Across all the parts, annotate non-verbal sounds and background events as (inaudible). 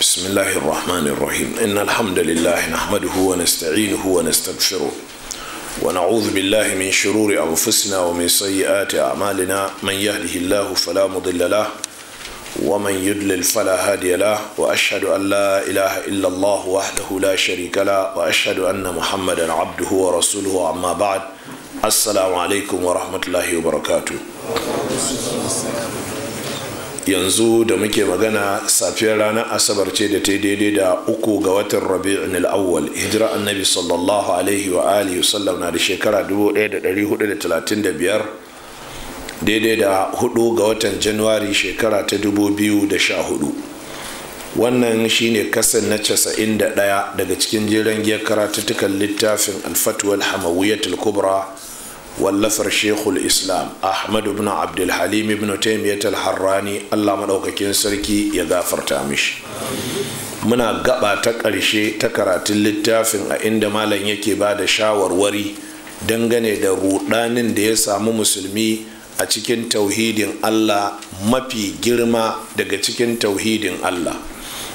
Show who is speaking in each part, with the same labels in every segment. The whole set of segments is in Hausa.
Speaker 1: بسم الله الرحمن الرحيم إن الحمد لله نحمده ونستعينه ونستغفره ونعوذ بالله من شرور أنفسنا ومن سيئات أعمالنا من يهده الله فلا مضل له ومن يدلل فلا هادي له وأشهد أن لا إله إلا الله وحده لا شريك له وأشهد أن محمدا عبده ورسوله أما بعد السلام عليكم ورحمة الله وبركاته yanzu da muke magana safiyar ranar asabar ce da ta daidai da uku ga watan rabi'un al'awwal hijira annabi sallallahu alaihi wa alihi sallam na da shekara 1435 daidai da hudu ga watan januwari shekara ta 2014 wannan shine kasan na 91 daga cikin jiran giyar karatuttukan littafin alfatuwal hamawiyatul kubra wallafar shekul islam ahmad ibn abdulhalim ibn taimiyyat al allah maɗaukakin sarki ya gafarta mishi muna gaba ta ƙarshe ta karatun littafin a inda malam yake ba da shawarwari dangane da rudanin da ya samu musulmi a cikin tauhidin allah mafi girma daga cikin tauhidin allah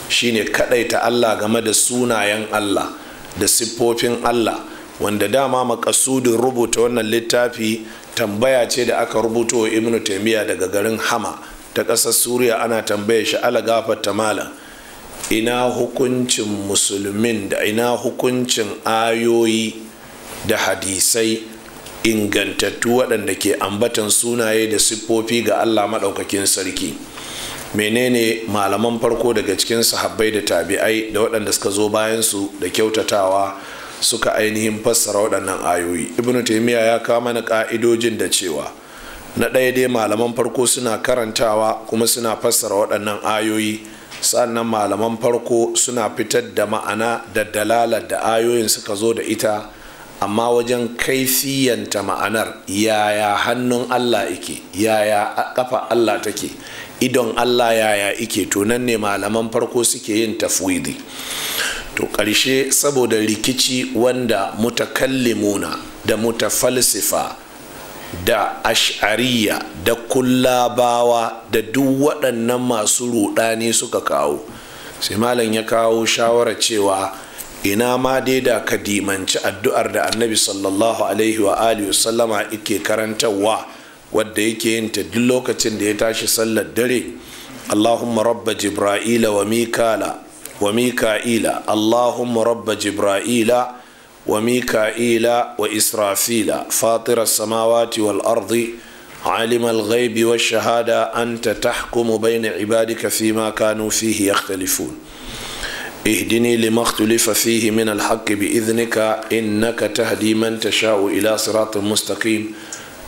Speaker 1: shine kaɗaita allah game da sunayen allah da siffofin allah wanda dama makasudin rubuta wannan littafi tambaya ce da aka rubuto wa ibnu taimiyya daga garin hama ta ƙasar suriya ana tambaya shi ala ta malam ina hukuncin musulmin da ina hukuncin ayoyi da hadisai ingantattu waɗanda ke ambatan sunaye da siffofi ga allah maɗaukakin sarki menene malaman farko daga cikin sahabbai da tabi'ai da waɗanda suka zo bayansu da kyautatawa suka ainihin fassara waɗannan ayoyi ibnu taimiyya ya kama na ka'idojin da cewa na ɗaya dai malaman farko suna karantawa kuma suna fassara waɗannan ayoyi sannan malaman farko suna fitar da ma'ana da dalalar da ayoyin suka zo da ita amma wajen kaifiyanta ma'anar yaya hannun allah yake yaya kafa allah take idon allah yaya ike tunan ne malaman farko suke yin tafwidi to ƙarshe saboda rikici wanda mutakallimuna da mutafalsifa da ash'ariya da kullabawa da duk waɗannan masu ruɗani suka kawo sai malam ya kawo shawarar cewa ina ma dai da ka dimanci addu'ar da annabi sallallahu alaihi wa alihi wasallama ike karantarwa wadda yake yin ta duk lokacin da ya tashi sallar dare allahumma rabba jibra'ila wa mikala wa mika'ila allahumma rabba jibra'ila wa mika'ila wa israfila fatira samawati wal ardi عالم الغيب والشهادة أنت تحكم بين عبادك فيما كانوا فيه يختلفون اهدني لما اختلف فيه من الحق بإذنك إنك تهدي من تشاء إلى صراط مستقيم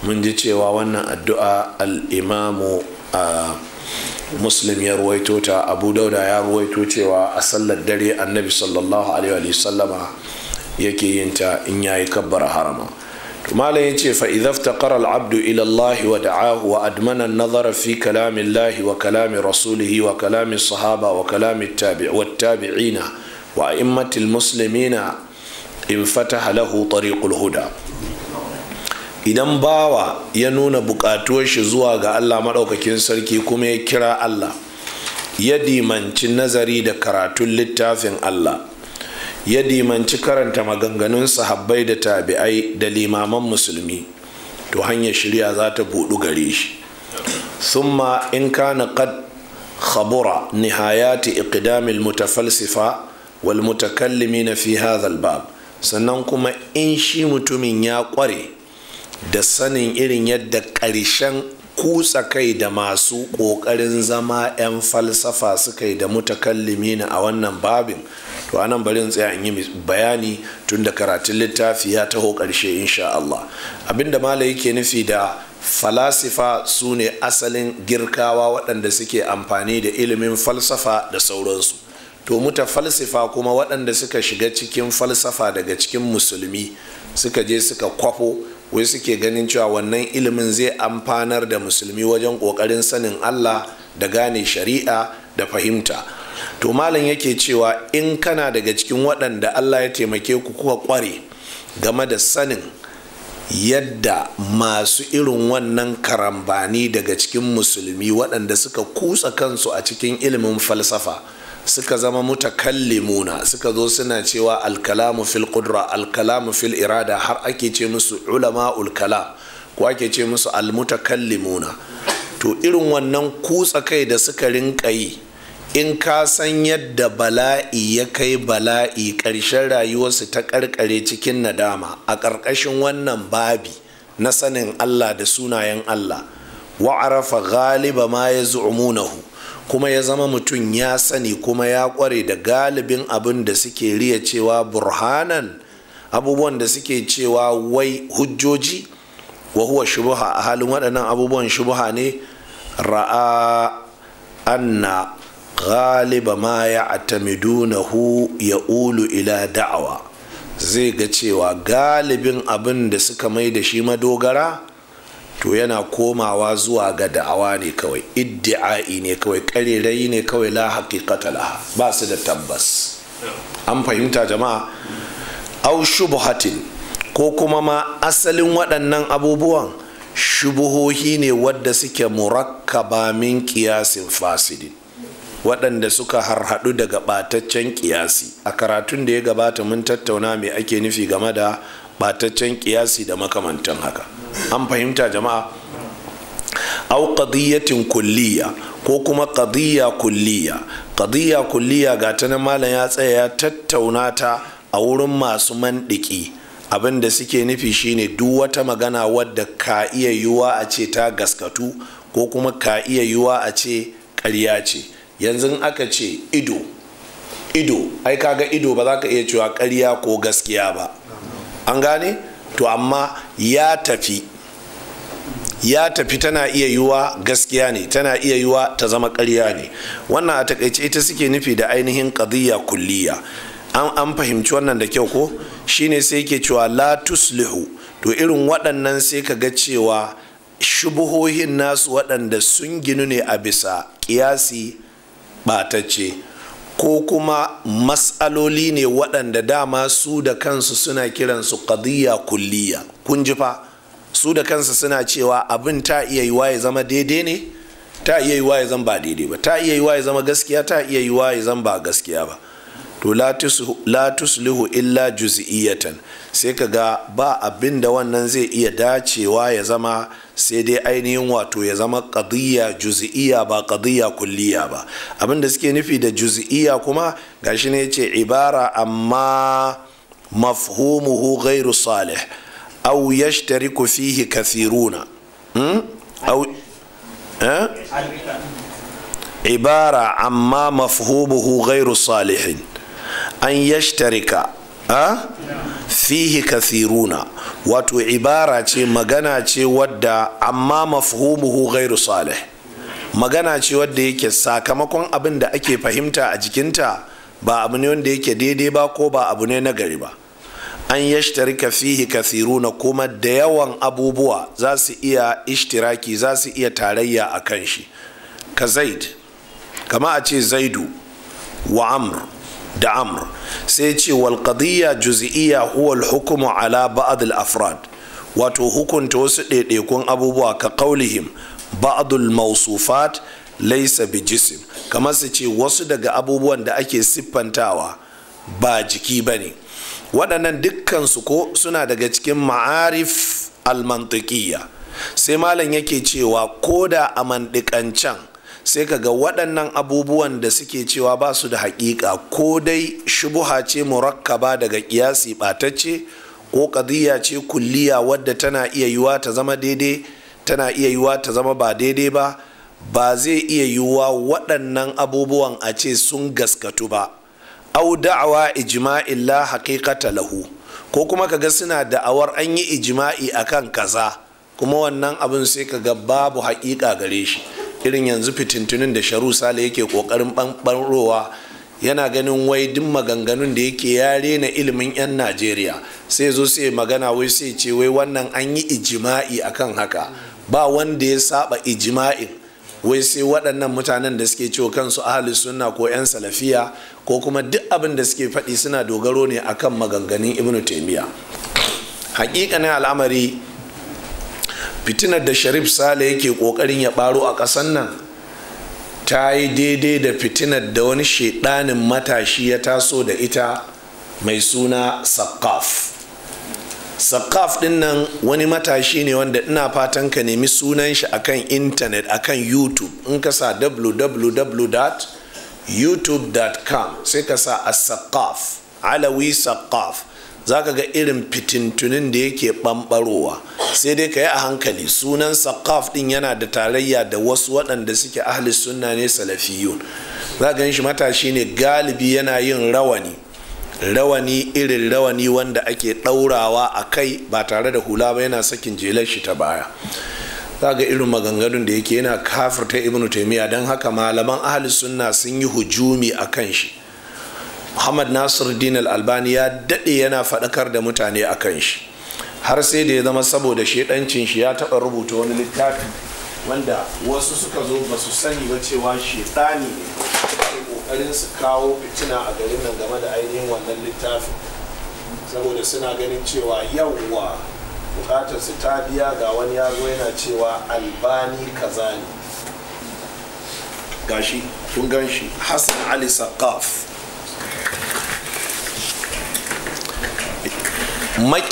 Speaker 1: mun ji cewa wannan addu'a al'imamu a muslim ya ruwaito ta abu dauda ya ruwaito cewa a sallar dare annabi sallallahu alaihi sallama yake yin ta in yayi kabbar harama malam ya ce fa'idafta ƙarar abdu ilallahi wa da'ahu wa admanan nazara fi kalamin lahi wa kalamin rasulihi wa kalamin sahaba wa kalamin tabi'ina wa immatil muslimina in fataha lahu tariqul huda idan bawa ya nuna bukatuwar shi zuwa ga allah maɗaukakin sarki kuma ya kira allah ya dimanci nazari da karatun littafin allah ya dimanci karanta maganganun sahabbai da tabi'ai da limaman musulmi to hanyar shirya za ta buɗu gare shi summa in kana qad khabura nihayati iqdamil mutafalsifa wal mutakallimina fi hadha bab sannan kuma in shi mutumin ya ƙware da sanin irin yadda ƙarshen kutsa kai da masu ƙoƙarin zama 'yan falsafa suka yi da mutakallimi na a wannan babin to anan bari in tsaya in yi bayani tun da karatun littafi ya taho ƙarshe insha Allah abinda mala yake nufi da falasifa su ne asalin girkawa waɗanda suke amfani da ilimin falsafa da sauransu to muta falsifa kuma waɗanda suka shiga cikin falsafa daga cikin musulmi suka je suka kwafo wai suke ganin cewa wannan ilimin zai amfanar da musulmi wajen ƙoƙarin sanin allah da gane shari'a da fahimta to malam yake cewa in kana daga cikin waɗanda allah ya taimake ku kuka ƙware game da sanin yadda masu irin wannan karambani daga cikin musulmi waɗanda suka kusa kansu a cikin ilimin falsafa suka zama mutakallimuna suka zo suna cewa alkalamu fil qudra alkalamu fil irada har ake ce musu ulama ulkala ko ake ce musu almutakallimuna to irin wannan kutsa kai da suka rinka yi in ka san yadda bala'i ya kai bala'i ƙarshen rayuwarsu ta ƙarƙare cikin nadama a ƙarƙashin wannan babi na sanin Allah da sunayen Allah wa'arafa galiba ma ya zu'umunahu kuma ya zama mutum ya sani kuma ya kware da galibin abin da suke riya cewa burhanan abubuwan da suke cewa wai hujjoji wa huwa shubuha a halin waɗannan abubuwan shubuha ne ra'a anna galiba ma ya hu ya ulu ila da'awa zai ga cewa galibin abin da suka mai da shi madogara to yana komawa zuwa ga da'awa ne kawai iddi'a'i ne kawai karerai ne kawai la haqiqata laha ba su da tabbas an fahimta jama'a au hatin ko kuma ma asalin waɗannan abubuwan shubuhohi ne wadda suke murakkaba min kiyasin fasidin waɗanda suka harhaɗu daga ɓataccen kiyasi a karatun da ya gabata mun tattauna mai ake nufi game da bataccen kiyasi da makamantan haka an fahimta jama'a au qadiyatin kulliya ko kuma qadiyya kulliya qadiyya kulliya ga ta nan malam ya tsaya ya tattauna ta a wurin masu mandiki abin da suke nufi shine duk wata magana wadda ka iya yiwuwa a ce ta gaskatu ko kuma ka iya yiwuwa a ce ƙarya ce yanzu aka ce ido ido ai kaga ido ba za ka iya cewa ƙarya ko gaskiya ba an gane to amma ya tafi ya tafi tana iya yiwa gaskiya ne tana iya yiwa ta zama ƙarya ne wannan a takaice ita suke nufi da ainihin qadiyya kulliya an an fahimci wannan da kyau ko shine sai yake cewa la tuslihu to irin waɗannan sai ka ga cewa shubuhohin nasu waɗanda sun ginu ne a bisa ƙiyasi ɓatacce ko kuma matsaloli ne waɗanda dama su da kansu suna kiransu qadiyya kulliya kun ji fa su da kansu suna cewa abin ta iya yiwa ya zama daidai ne ta iya yiwa ya zama ba daidai ba ta iya yiwa ya zama gaskiya ta iya yiwa ya zama ba gaskiya ba to la tuslihu illa juz'iyatan sai ka ga ba abin da wannan zai iya dacewa ya zama sai dai ainihin wato ya zama kadiyya juzi'iya ba kadiyya kulliya ba abin da suke nufi da juzi'iya kuma gashi ne ce ibara amma mafhumuhu ghairu salih aw yashtariku fihi kathiruna hmm? aw eh? ibara amma mafhumuhu ghairu salihin an yashtarika a fihi kathiruna wato ibara ce magana ce wadda amma mafhumuhu gairu salih magana ce wadda yake sakamakon abin da ake fahimta a jikinta ba abu ne wanda yake daidai ba ko ba abu ne na gari ba an yashtarika fihi kathiruna kuma da yawan abubuwa za su iya ishtiraki za su iya tarayya a kan shi ka zaid kama a ce zaidu wa amr da amr sai ce wal juzi'iyya juz'iyya huwa al ala ba'd afrad wato hukunta wasu ɗaiɗaikun abubuwa ka qaulihim ba'd al mawsufat laysa bi jism kamar su ce wasu daga abubuwan da ake siffantawa ba jiki bane waɗannan dukkansu ko suna daga cikin ma'arif al sai malam yake cewa koda a mandikancan sai ka ga waɗannan abubuwan da suke cewa ba su da haƙiƙa ko dai shubuha ce murakkaba daga ƙiyasi ɓatacce ko ƙadiyya ce kulliya wadda tana iya yiwuwa ta zama daidai tana iya yiwuwa ta zama ba daidai ba ba zai iya yiwuwa waɗannan abubuwan a ce sun gaskatu ba au da'awa ijma'illa haƙiƙata lahu ko kuma ka ga suna da'awar an yi ijma'i akan kaza kuma wannan abin sai ka ga babu haƙiƙa gare shi irin yanzu fitintunin da sharu sale yake ƙoƙarin ɓanɓarowa yana ganin wai duk maganganun da yake ya rena ilimin 'yan najeriya sai zo sai magana wai sai ce wai wannan an yi ijima'i akan haka ba wanda ya saba ijima'i wai sai waɗannan mutanen da suke cewa kansu ahli sunna ko 'yan salafiya ko kuma duk abin da suke faɗi suna dogaro ne akan maganganun ibnu taimiya hakikanin al'amari fitinar da sharif sale yake kokarin ya baro a ƙasan nan ta yi daidai da fitinar da wani shaidanin matashi ya taso da ita mai suna sakaf sakaf din nan wani matashi ne wanda ina fatan ka nemi sunan shi akan intanet akan youtube in ka sa www.youtube.com sai ka sa a sakaf alawi sakaf za ka ga irin fitintunin da yake ɓamɓarowa sai dai ka yi a hankali sunan sakaf ɗin yana da tarayya da wasu waɗanda suke ahli sunna ne salafiyun za ka shi matashi ne galibi yana yin rawani rawani irin rawani wanda ake ɗaurawa a kai ba tare da hula ba yana sakin jelar shi ta baya za ga irin maganganun da yake yana kafirta ibnu taimiyya don haka malaman ahli sunna sun yi hujumi a kan shi muhammad nasir din albani ya dade yana faɗakar da mutane a kan shi har sai da ya zama saboda shedancin shi ya taɓa rubuta wani littafi wanda wasu suka zo ba su sani ba cewa shedani ne kokarin su kawo fitina a garin nan game da ainihin wannan littafi saboda suna ganin cewa yawwa bukatar su ta biya ga wani ya zo yana cewa albani kaza ne gashi kun gan shi hassan ali saqaf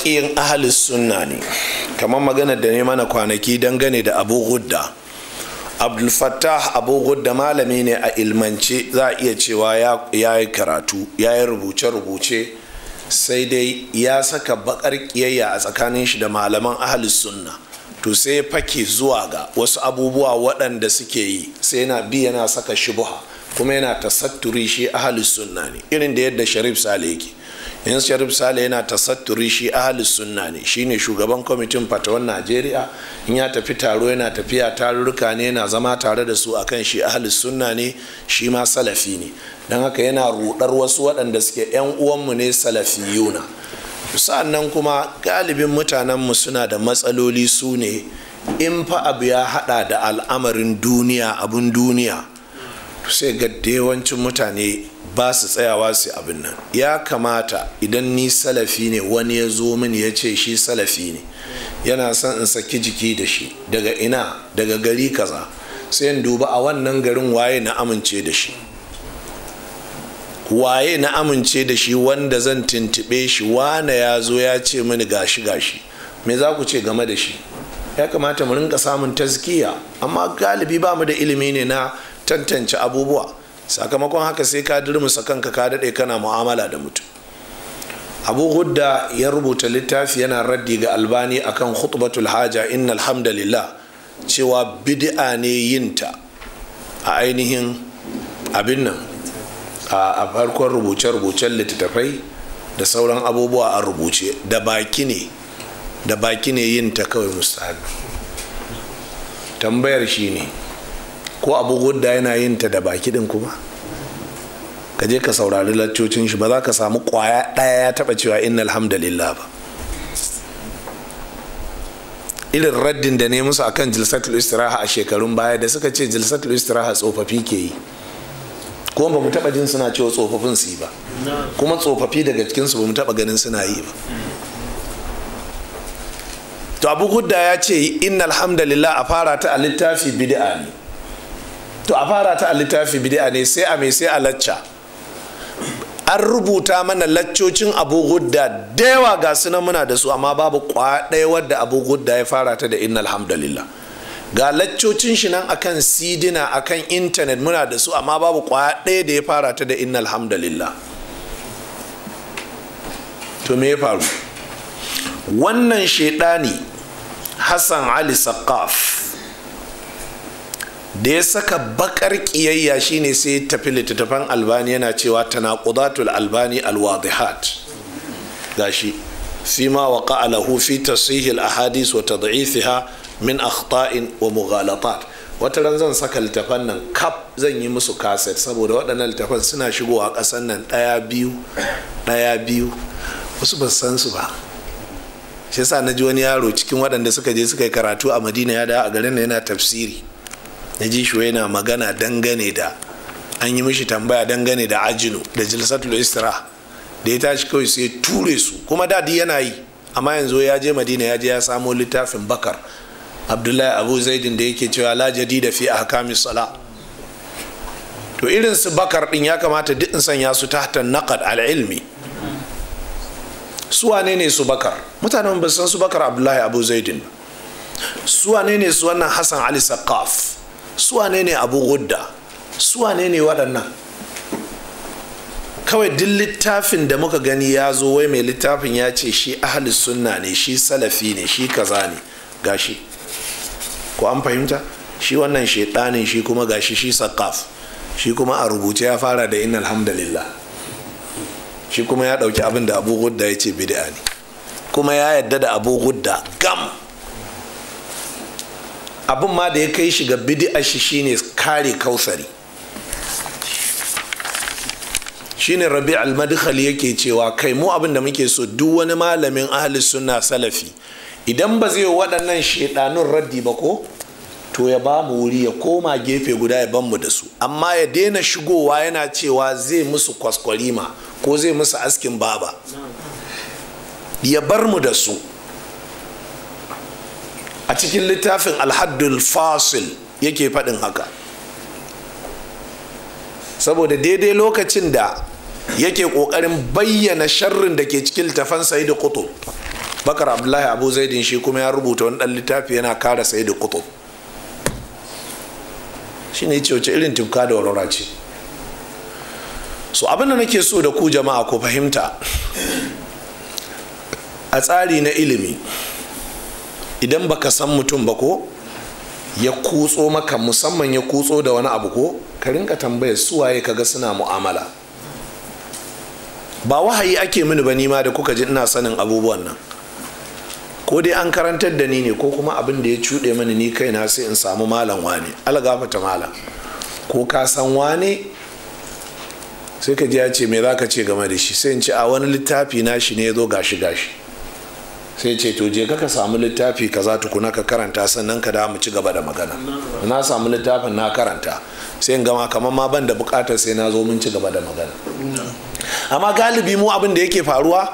Speaker 1: maƙiyin ahalis sunna ne kamar magana da ne mana kwanaki dangane da abu gudda abdul fattah abu gudda malami ne a ilmance za a iya cewa ya yi karatu ya yi rubuce-rubuce sai dai ya saka baƙar kiyayya a tsakanin shi da malaman ahalis sunna to sai fake zuwa ga wasu abubuwa waɗanda suke yi sai yana bi yana saka shubuha kuma yana tasatturi shi ahalis sunna ne irin da yadda sharif sale yake in sharif sale yana tasatturi shi ahalus sunna ne shine shugaban kwamitin fatawan najeriya in ya tafi taro yana tafiya tarurruka ne yana zama tare da su akan shi ahalus sunna ne shi ma salafi ne don haka yana rudar wasu waɗanda suke yan uwanmu ne salafiyuna sa'an nan kuma galibin mutanenmu suna da matsaloli su ne in fa abu ya haɗa da al'amarin duniya abun duniya sai ga yawancin mutane ba su tsayawa su abin nan ya kamata idan ni salafi ne wani ya zo mini ya ce shi salafi ne yana son in saki jiki da shi daga ina daga gari kaza sai in duba a wannan garin waye na amince da shi waye na amince da shi wanda zan tuntube shi wane ya zo ya ce mini gashi gashi me za ku ce game da shi ya kamata mu rinka samun tazkiya amma galibi ba mu da ilimi ne na tantance abubuwa sakamakon haka sai ka durmusa kanka ka daɗe kana mu'amala da mutum abu hudda ya rubuta littafi yana raddi ga albani akan khutbatul haja inna alhamdulillah cewa bid'a ne yinta a ainihin abin nan a farkon rubuce-rubucen littattafai da sauran abubuwa a rubuce da baki ne da baki ne yinta kawai mustahabi tambayar shi ne ko abu gudda yana yin ta da baki din kuma ka je ka saurari laccocin shi ba za ka samu kwaya ɗaya ya taɓa cewa inna alhamdulillah ba irin raddin da ne musu akan jilsatul istiraha a shekarun baya da suka ce jilsatul istiraha tsofaffi ke yi kuma ba mu taɓa jin suna cewa tsofaffin su yi ba kuma tsofaffi daga cikinsu ba mu taɓa ganin suna yi ba to abu gudda ya ce inna alhamdulillah a fara ta a littafi bid'a ne to a fara ta a littafi bid'a ne sai a mai sai a lacca an rubuta mana laccocin abu gudda da yawa ga sunan muna da su amma babu ɗaya wadda abu gudda ya fara ta da inna alhamdulillah ga laccocin shi nan akan sidina akan intanet muna da su amma babu kwaya ɗaya da ya fara ta da inna alhamdulillah to me ya faru wannan shaidani hassan ali saqaf da ya saka bakar kiyayya shine sai tafi littattafan albani yana cewa tana tanaqudatul albani alwadihat gashi fima waqa lahu fi tasihil ahadis wa tad'ifiha min akhta'in wa mughalatat wata ran zan saka littafan nan kap zan yi musu kaset saboda waɗannan littafan suna shigowa ƙasan nan ɗaya biyu ɗaya biyu wasu ba san su ba shi yasa na ji wani yaro cikin waɗanda suka je suka yi karatu a madina ya da a garin yana tafsiri na ji shi yana magana dangane da an yi mishi tambaya dangane da ajinu da jilsatul isra da ya tashi kawai sai ture su kuma dadi yana yi amma yanzu ya je madina ya je ya samo littafin bakar abdullahi abu zaidin da yake cewa la jadida fi ahkami sala to irin su bakar din ya kamata duk in sanya su tahta naqad al ilmi su wane ne su bakar mutanen ba san su bakar abdullahi abu zaidin su wane ne su wannan hasan ali saqaf Suwa ne abu gudda suwa ne waɗannan kawai duk littafin da muka gani ya zo wai mai littafin ya ce shi ahli sunna ne shi salafi ne shi kaza ne gashi ko an fahimta shi wannan shaidanin shi kuma gashi shi sakaf shi kuma a rubuce ya fara da inna alhamdulillah shi kuma ya ɗauki abin da abu gudda ya ce bid'a ne kuma ya yadda da abu gudda gam abin ma da ya kai shi ga bidi'a shi shine kare kausari shine rabi al-madkhali yake cewa kai mu abin da muke so duk wani malamin ahli suna salafi idan ba zai waɗannan shaidanun raddi ba ko to ya ba mu wuri ya koma gefe guda ya ban mu da su amma ya daina shigowa yana cewa zai musu kwaskwarima ko zai musu askin baba ya bar mu da su a cikin littafin alhaddul fasil yake faɗin haka saboda daidai lokacin da yake ƙoƙarin bayyana sharrin da ke cikin littafan sayidu kutub bakar abdullahi abu zaidin shi kuma ya rubuta wani ɗan littafi yana kara sayidu kutub shi ne ce wace irin tuka da warwara ce so abin da nake so da ku jama'a ko fahimta a tsari na ilimi idan baka san mutum ba ko ya kutso maka musamman ya kutso da wani abu ko ka rinka tambaya suwaye kaga suna mu'amala ba wahayi ake mini ba nima da kuka ji ina sanin abubuwan nan ko dai an karantar da ni ne ko kuma abin da ya cuɗe mani ni kai na sai in samu malam wane algafata malam ko ka san wane sai ka ji ya ce me za ka ce game da shi sai in ci a wani littafi na shi ne ya zo gashi gashi sai ce to je ka samu littafi ka ta tukuna ka karanta sannan ka da mu ci gaba da magana na samu littafin na karanta sai in gama kamar ma ban da bukatar sai na zo mun ci gaba da magana amma galibi mu abin da yake faruwa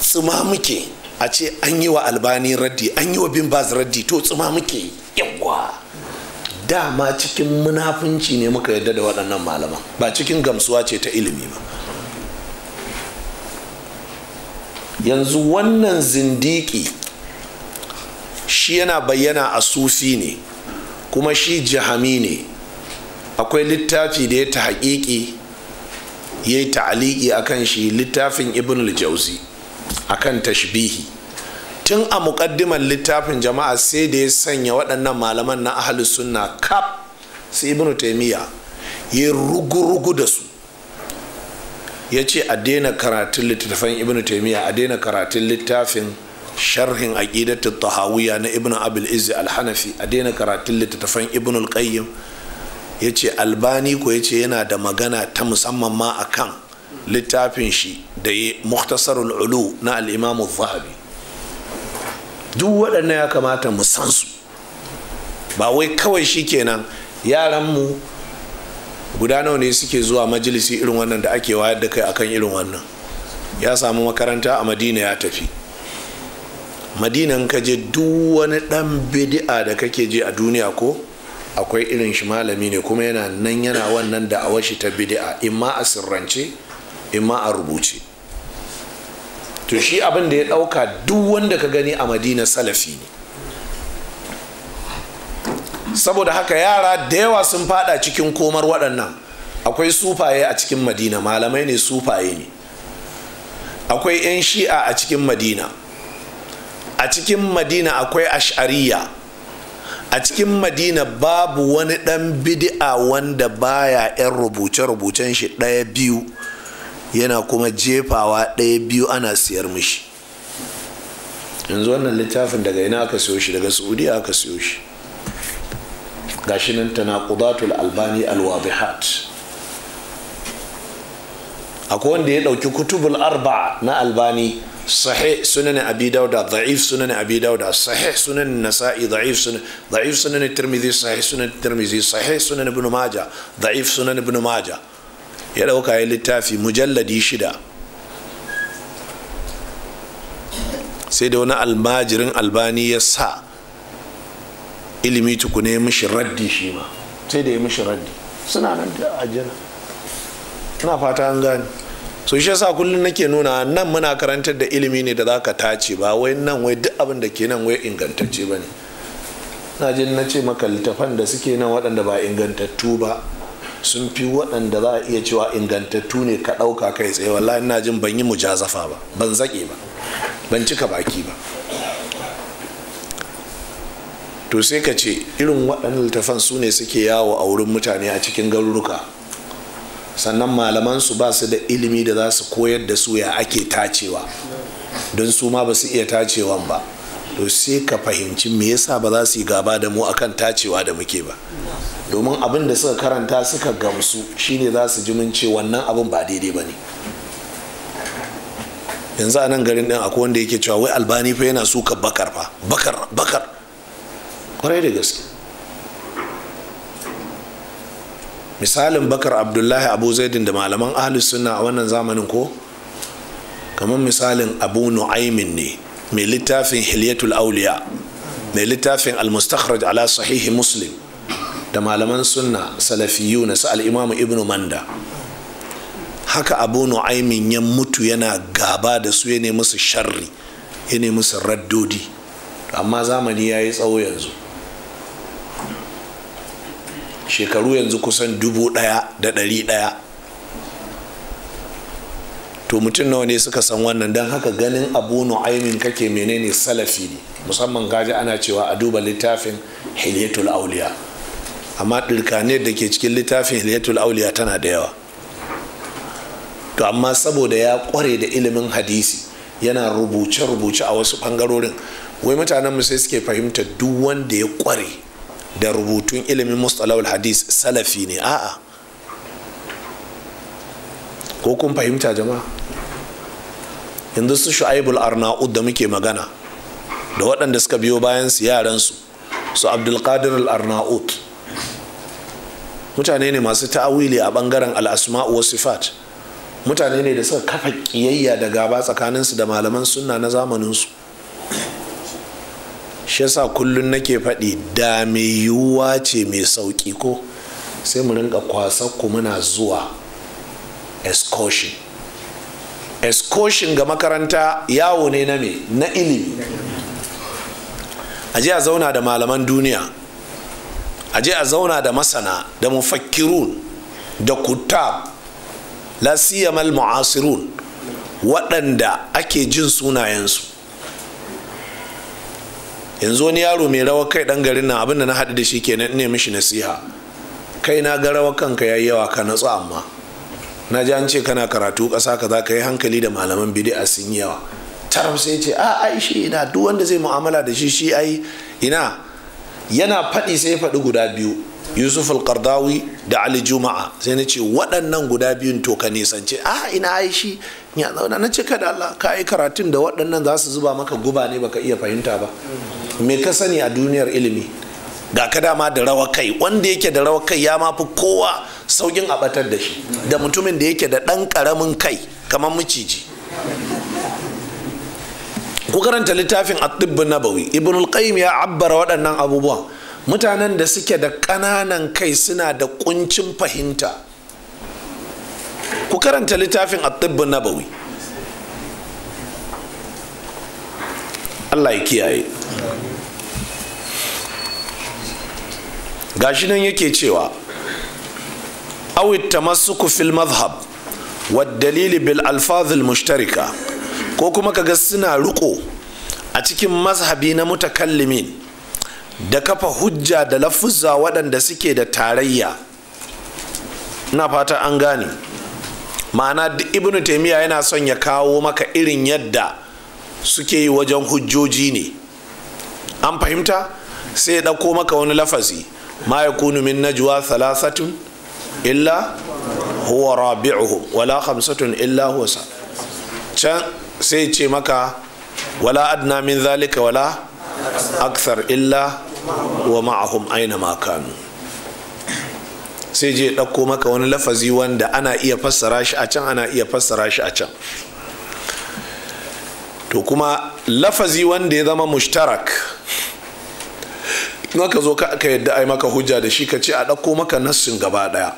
Speaker 1: tsuma muke a ce an yi wa albani raddi an yi wa bin baz raddi to tsuma muke yawwa dama cikin munafunci ne muka yarda da waɗannan malaman ba cikin gamsuwa ce ta ilimi ba yanzu wannan zindiki shi yana bayyana a sufi ne kuma shi jihami ne akwai littafi da ya ta haƙiƙi ya yi ta'aliki a kan shi littafin ibn jauzi a kan tashbihi tun a muƙaddimar littafin jama'a sai da ya sanya waɗannan malaman na ahalus sunna kaf su ibn taimiyya ya rugu-rugu da su ya ce a daina karatun littattafan ibn taimiyya a daina karatun littafin sharhin aqidatul tahawiyya na ibn abul izzi al-hanafi a daina karatun littattafan ibn al-qayyim ya ce albani ko ya ce yana da magana ta musamman ma akan littafin shi da ya muhtasarul ulu na al-imamu duk waɗannan ya kamata mu san su ba wai kawai shi kenan yaranmu guda nawa ne suke zuwa majalisi irin wannan da ake wayar da kai akan irin wannan ya samu makaranta a madina ya tafi madinan ka je duk wani dan bidi'a da kake je a duniya ko akwai irin shi malami ne kuma yana nan yana wannan da shi ta bidi'a imma a sirrance imma a rubuce to shi abin da ya dauka duk wanda ka gani a madina salafi ne saboda haka yara da yawa sun fada cikin komar waɗannan akwai sufaye a cikin madina malamai ne sufaye ne akwai 'yan shi'a a cikin madina a cikin madina akwai ash'ariya a cikin madina babu wani ɗan bidi'a wanda baya 'yan rubuce-rubucen shi ɗaya biyu yana kuma jefawa ɗaya biyu ana siyar mishi yanzu wannan littafin daga ina aka siyo shi daga saudiya aka siyo shi gashi nan kudatul albani alwadihat akwai wanda ya dauki kutubul arba na albani sahih sunan abi dauda da'if sunan abi dauda sahih sunan nasa'i da'if sunan da'if sunan tirmidhi sahih sunan tirmidhi sahih sunan ibn majah da'if sunan ibn majah ya dauka ya littafi mujalladi shida sai da wani almajirin albani ya sa ilimi tukune ya mishi raddi shi ma sai da ya mishi raddi suna nan da ajiyar suna fata an gane so shi yasa kullum nake nuna nan muna karantar da ilimi ne da zaka tace ba wai nan wai duk abin da ke nan wai ingantacce ba ne na je na ce maka littafan da suke nan waɗanda ba ingantattu ba sun fi waɗanda za a iya cewa ingantattu ne ka ɗauka kai tsaye wallahi ina jin ban yi mujazafa ba ban zaƙe ba ban cika baki ba to sai ka ce irin waɗannan littafan su ne suke yawo a wurin mutane a cikin garuruka sannan malaman su ba su da ilimi da za su koyar da su ya ake tacewa don su ma ba su iya tacewan ba to sai ka fahimci me yasa ba za su yi gaba da mu akan tacewa da muke ba domin abin da suka karanta suka gamsu shine za su ji mun ce wannan abin ba daidai ba ne yanzu a nan garin din akwai wanda yake cewa wai albani fa yana suka bakar fa bakar bakar kwarai da gaske misalin bakar abdullahi abu zaidin da malaman ahlus sunna a wannan zamanin ko kamar misalin abu nu'aimin ne mai littafin hilyatul auliya mai littafin al ala sahihi muslim da malaman sunna salafiyu na sa al'imamu ibn manda haka abu nu'aimin ya mutu yana gaba da su ya ne musu sharri ya ne musu raddodi amma zamani ya yi tsawo yanzu shekaru yanzu kusan dubu ɗaya da ɗari ɗaya to mutum nawa ne suka san wannan don haka ganin abu nu'aimin kake menene salafi ne musamman gaji ana cewa a duba littafin hilyatul auliya amma ɗirkaniyar da ke cikin littafin hilyatul auliya tana da yawa to amma saboda ya kware da ilimin hadisi yana rubuce-rubuce a wasu ɓangarorin wai mutanenmu sai suke fahimta duk wanda ya kware da rubutun ilimin mustalahul hadis salafi ne a'a ko kun fahimta jama'a yanzu su shu'aibul arna'ud da muke magana da waɗanda suka biyo bayan su yaran su su abdulkadir arnaud mutane ne masu ta'awili a ɓangaren al'asma'u wa sifat mutane ne da suka kafa kiyayya da gaba tsakaninsu da malaman sunna na zamaninsu shi yasa kullum nake faɗi da mai yiwuwa ce mai sauƙi ko sai mu rinka kwasa ku muna zuwa excursion excursion ga makaranta yawo ne na me na ilimi aje a zauna da malaman duniya aje a zauna da masana da mufakkirun da kutab la siyamal mu'asirun waɗanda ake jin sunayensu yanzu wani yaro mai rawar kai dan garin nan abinda na haɗu da shi kenan ne mishi nasiha kai na ga rawa kanka yi yawa ka natsu amma na ji an ce kana karatu ƙasa ka za ka yi hankali da malaman bidi'a sun yi yawa tarab sai ce a ai shi ina duk wanda zai mu'amala da shi shi ai ina yana faɗi sai faɗi guda biyu yusuf al-qardawi da ali juma'a sai na ce waɗannan guda biyun to ka nisance a ina ai shi ya zauna na ce kada Allah ka yi karatun da waɗannan za su zuba maka guba ne baka iya fahimta ba me ka sani a duniyar ilimi ga ka dama da rawa kai wanda yake da rawa kai ya mafi kowa saukin a batar da shi da mutumin da yake da ɗan ƙaramin kai kamar miciji ku karanta littafin at nabawi ibn al ya abbara waɗannan abubuwan mutanen da suke da ƙananan kai suna da ƙuncin fahimta ku karanta littafin at nabawi Allah ya kiyaye gashi nan yake cewa awit tamassuku fil madhhab wad dalili bil alfazil mushtarika ko kuma kaga suna ruko a cikin mazhabi na mutakallimin da kafa hujja da lafuzza waɗanda suke da tarayya na fata an gane ma'ana duk ibnu taimiyya yana son ya kawo maka irin yadda suke yi wajen hujjoji ne an fahimta sai ya ɗauko maka wani lafazi ma ya kunu min najwa thalathatun illa huwa rabi'uhu wala khamsatun illa huwa sa can sai ce maka wala adna min zalika wala akthar illa wa ma'ahum aina ma kanu sai je ɗauko maka wani lafazi wanda ana iya fassara shi a can ana iya fassara shi a can to kuma lafazi wanda ya zama mushtarak in ka zo ka yadda ai maka hujja da shi ka ce a ɗauko maka nassin gaba ɗaya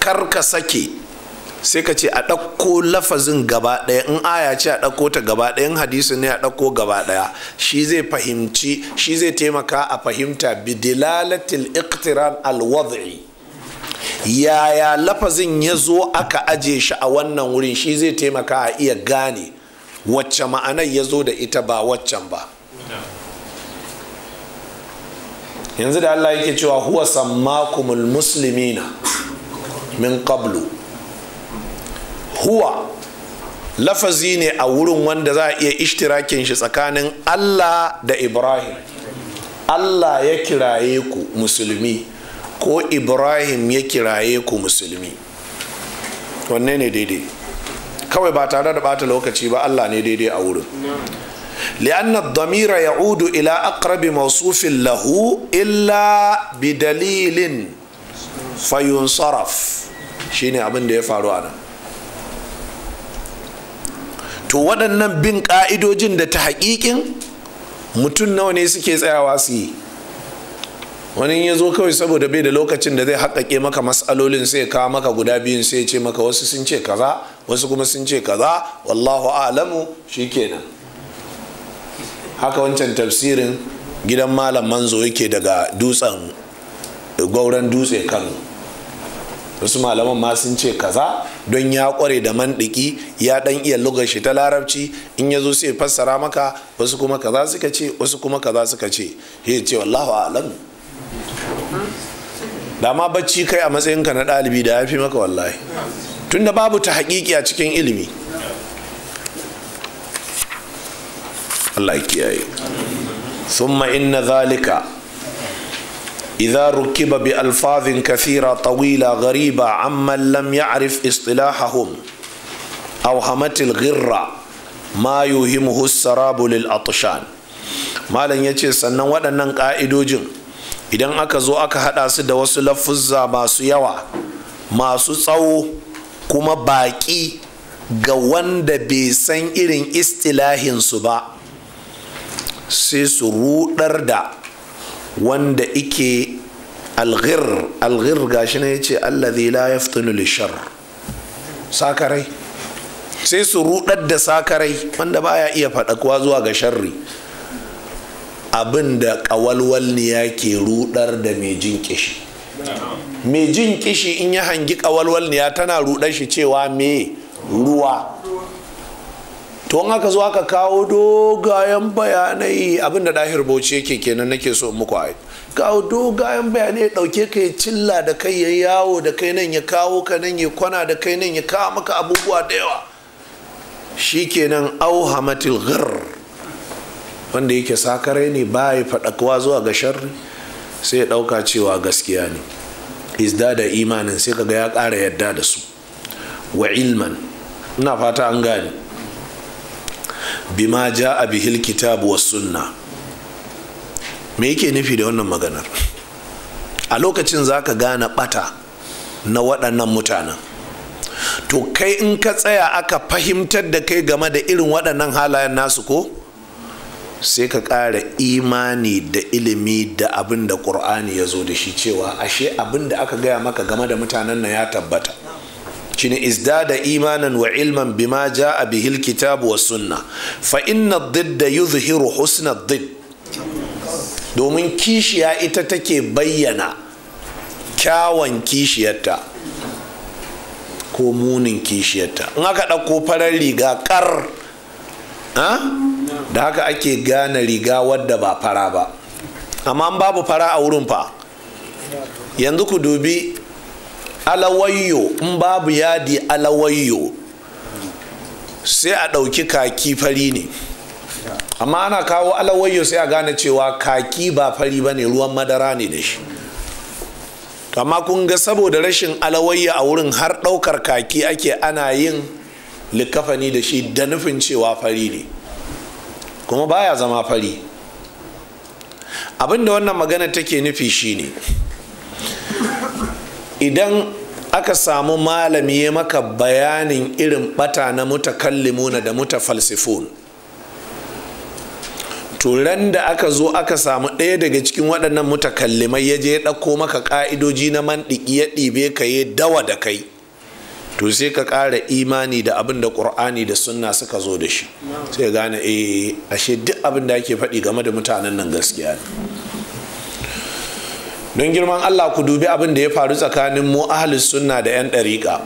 Speaker 1: kar ka sake sai ka ce a ɗauko lafazin gaba ɗaya in aya ce a ɗauko ta gaba ɗaya in hadisi ne a ɗauko gaba ɗaya shi zai fahimci shi zai taimaka a fahimta bidilalatil iqtiran alwad'i yaya lafazin ya zo aka aje shi a wannan wurin shi zai taimaka a iya gane wacce ma'anar ya zo da ita ba waccan ba yanzu da allah yake cewa huwa sammakumul muslimina min qablu huwa lafazi ne a wurin wanda za a iya ishtirakin shi tsakanin allah da ibrahim allah ya kiraye ku musulmi ko ibrahim ya kiraye ku musulmi wanne ne daidai kawai ba tare da bata lokaci ba allah ne daidai a wurin ila masu fin lahu illa bi dalilin له إلا بدليل فينصرف ya faru a nan. to waɗannan bin ƙa'idojin da ta haƙiƙin mutum nawa ne suke tsayawa su yi wani ya zo kawai saboda bai da lokacin da zai haƙaƙe maka matsalolin sai kawo maka guda biyun sai ce maka wasu sun ce kaza wasu kuma sun ce kaza wallahu alamu kenan haka wancan tafsirin gidan malam manzo yake daga dutsen gauran dutse kan wasu malaman ma sun ce kaza don ya kware da mandiki ya dan iya lugar shi ta larabci in ya zo sai fassara maka wasu kuma kaza suka ce wasu kuma kaza suka ce ya ce wallahu alamu da ma bacci kai a matsayinka na ɗalibi da ya fi maka wallahi tunda babu ta haƙiƙi a cikin ilimi Allah ya kiyaye thumma inna zalika idza rukiba bi alfazin kathira tawila ghariba amma lam ya'rif istilahahum aw hamatil ghirra ma yuhimuhu sarabu lil atshan malam yace sannan waɗannan ka'idojin. idan aka zo aka hada su da wasu lafuzza masu yawa masu tsawo kuma baki ga wanda bai san irin istilahinsu ba sai su rudar da wanda ike alghir alghir gashi ne ya ce allazi la yaftunu lishar sakarai sai su rudar da sakarai wanda baya iya faɗakuwa zuwa ga sharri abin da ƙawalwalniya ke rudar da mai jin kishi mai jin kishi in ya hangi ƙawalwalniya tana rudar shi cewa me ruwa to in aka zo aka kawo dogayen bayanai abin da ɗahir bauchi yake kenan nake so muku ai kawo dogayen bayanai ya ɗauke ka ya cilla da kai ya yawo da kai nan ya kawo ka nan ya kwana da kai nan ya kawo maka abubuwa da yawa shikenan auhamatil ghar wanda yake sakarai ne ba ya faɗakuwa zuwa ga sharri sai ya ɗauka cewa gaskiya ne izda da imanin sai kaga ya ƙara yadda da su wa ilman ina fata an gane bima ja a bihil kitabu wa sunna me yake nufi da wannan maganar a lokacin za ka gane ɓata na waɗannan mutanen to kai in ka tsaya aka fahimtar da kai game da irin waɗannan halayen nasu ko sai ka ƙara imani da ilimi da abin da ƙur'ani ya zo da shi cewa ashe abin da aka gaya maka game da mutanen nan ya tabbata shine izdada imanin wa ilman bima ja a bihil kitabu wa sunna fa inna yi yuzhiru husna did domin kishiya ita take bayyana kyawan kishiyarta ko munin kishiyarta in aka ɗauko farar riga kar da haka ake gane riga wadda ba fara ba amma babu fara a wurin fa yanzu ku dubi alawayyo in babu yadi alawayyo sai a ɗauki kaki fari ne amma ana kawo alawayyo sai a gane cewa kaki ba fari ba ne ruwan madara ne da shi amma kun ga saboda rashin alawayya a wurin har ɗaukar kaki ake ana yin likafani da shi da nufin cewa fari ne kuma baya zama fari abinda wannan magana take nufi shine idan aka samu malami ya maka bayanin irin bata na mutakallimuna da mutafalsifun turan da aka zo aka samu ɗaya daga cikin waɗannan mutakallimai ya je ya ɗauko maka ƙa'idoji na mandiki ya ɗibe ka yi dawa da kai to sai ka ƙara imani da abin da ƙur'ani da sunna suka zo da shi sai gane a eh, ashe duk abin da ake faɗi game da mutanen nan gaskiya ne don girman allah ku dubi abin da ya faru tsakanin mu ahlus sunna da 'yan ɗariƙa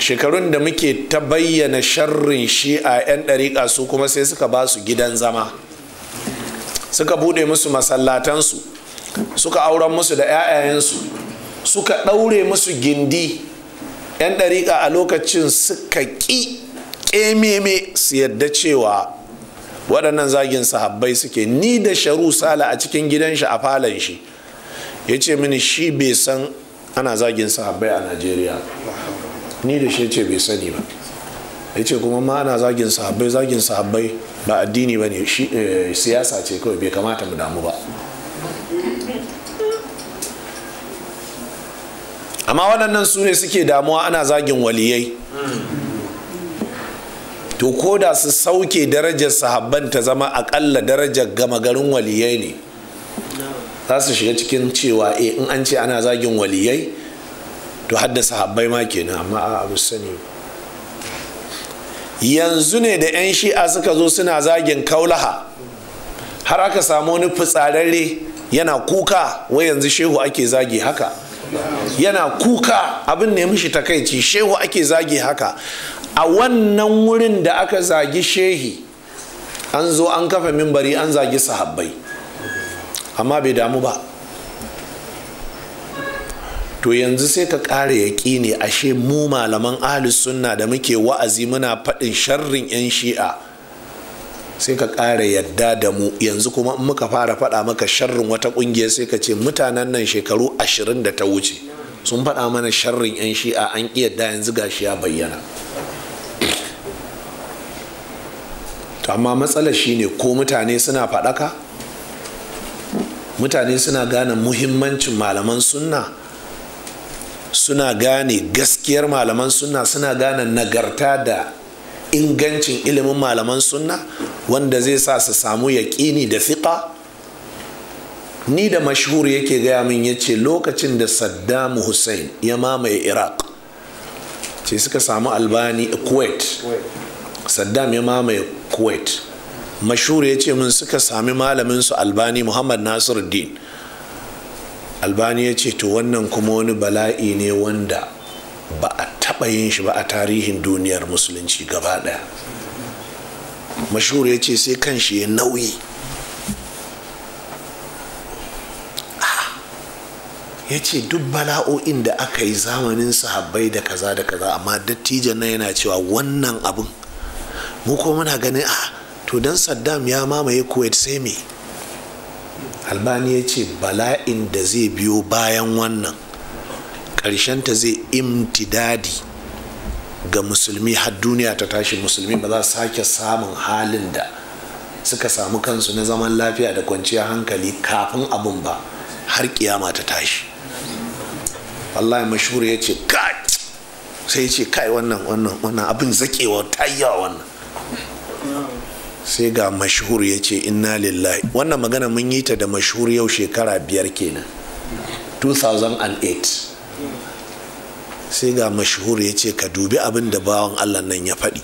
Speaker 1: shekarun da muke ta bayyana sharrin shi a 'yan ɗariƙa su kuma sai suka ba su gidan zama suka buɗe musu masallatansu suka auren musu da 'ya'yayensu suka ɗaure musu gindi 'yan ɗariƙa a lokacin suka ƙi ƙememe su yadda cewa waɗannan zagin sahabbai suke ni da sharu sala a cikin gidan shi a falon shi ya ce mini shi bai san ana zagin sahabbai a najeriya ni da shi ce bai sani ba ya ce kuma ma ana zagin sahabbai zagin sahabbai ba addini ba ne eh, siyasa ce kawai bai kamata mu damu ba amma waɗannan su ne suke damuwa ana zagin waliyai to ko da su sauke darajar sahabban ta zama akalla darajar gama garin waliyai ne za su shiga cikin cewa e in an ce ana zagin waliyai to hadda sahabbai ma kenan amma a abu sani yanzu ne da 'yan shi'a suka zo suna zagin kaulaha har aka samu wani fitsararre yana kuka wai yanzu shehu ake zagi haka yana kuka abin ne mishi takaici shehu ake zagi haka a wannan wurin da aka zagi shehi an zo an kafa mimbari an zagi sahabbai amma bai damu ba to yanzu sai ka ƙara yaƙi ne ashe mu malaman ahlus sunna da muke wa'azi muna faɗin sharrin 'yan shi'a sai ka ƙara yadda da mu yanzu kuma in muka fara faɗa maka sharrin wata ƙungiyar sai ka ce mutanen nan shekaru ashirin da ta wuce sun faɗa mana sharrin 'yan shi'a an ƙi yadda yanzu gashi ya bayyana to amma matsalar ne ko mutane suna faɗaka mutane suna gane muhimmancin malaman sunna suna gane gaskiyar malaman sunna suna gane nagarta da ingancin ilimin malaman sunna wanda zai sa su samu yaƙini da fiƙa ni da mashhur yake gaya min ya ce lokacin da saddam hussein ya mamaye iraq ce suka samu albani kuwait saddam ya mamaye kuwait mashhur ya ce min suka sami malamin su albani muhammad nasiruddin albani ya ce to wannan kuma wani bala'i ne wanda ba a taɓa yin shi ba a tarihin duniyar musulunci gaba ɗaya mashuru ya ce sai kan shi ya nauyi ah, ya ce duk bala'o'in da aka yi zamanin sahabbai da kaza da kaza amma dattijo nan yana cewa wannan abin mu ko muna ganin a ah, to don saddam ya mamaye kuwait sai me albani ya ce bala'in da zai biyo bayan wannan ta zai imtidadi ga musulmi har duniya ta tashi musulmi ba za su sake samun halin da suka samu kansu na zaman lafiya da kwanciyar hankali kafin abun ba har kiyama ta tashi wallahi mashuru ya ce kai sai ce kai wannan wannan wannan abin zakewa tayyawa wannan sai ga mashuru ya ce inna lillahi wannan magana mun yi ta da mashuru yau shekara biyar kenan 2008 sai ga mashhur ya ce ka dubi abin da bawan allah nan ya faɗi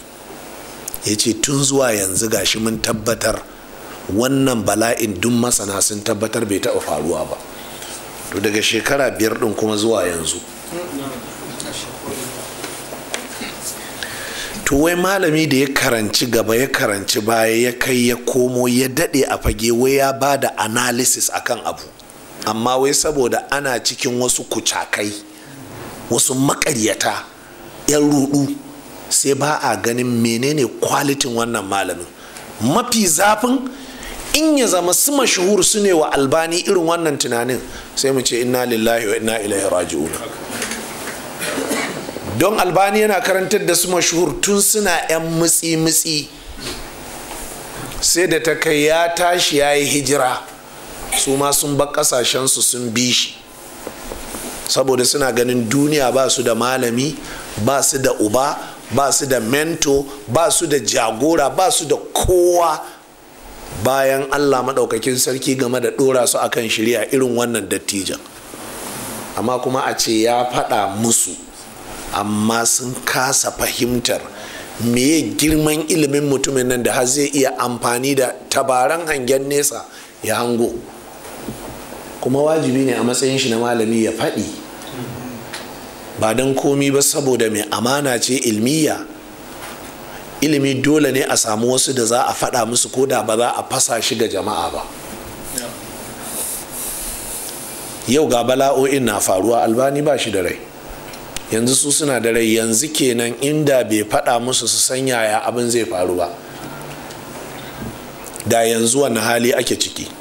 Speaker 1: ya ce tun zuwa yanzu gashi mun tabbatar wannan bala'in dun masana sun tabbatar bai taɓa faruwa ba to daga shekara biyar ɗin kuma zuwa yanzu to wai malami da ya karanci gaba ya karanci baya ya kai ya komo ya daɗe a fage wai ya ba da analysis akan abu amma wai saboda ana cikin wasu kucakai wasu makaryata 'yan rudu sai ba a ganin menene kwalitin wannan malamin mafi zafin in ya zama su mashuhur su ne wa albani irin wannan tunanin sai mu ce inna lillahi wa inna ilaihi raji'un don albani yana karantar da su mashuhur tun suna 'yan mutsi-mutsi sai da ta kai ya tashi ya yi hijira su ma sun bar kasashensu sun bi shi saboda suna ganin duniya ba su da malami ba su da uba ba su da mento ba su da jagora ba su da kowa bayan allah maɗaukakin sarki game da ɗora su akan shirya irin wannan dattijan amma kuma a ce ya faɗa musu amma sun kasa fahimtar meye girman ilimin mutumin nan da har zai iya amfani da tabaran hangen nesa ya hango kuma wajibi ne a matsayin shi na malami ya faɗi ba don komi ba saboda mai amana ce ilmiya ilimi dole ne a samu wasu da za a faɗa musu ko da ba za a fasa shi ga jama'a ba yau ga bala'o'in na faruwa albani ba shi da rai yanzu su suna da rai yanzu kenan inda bai faɗa musu su san yaya abin zai faru ba da yanzu wani hali ake ciki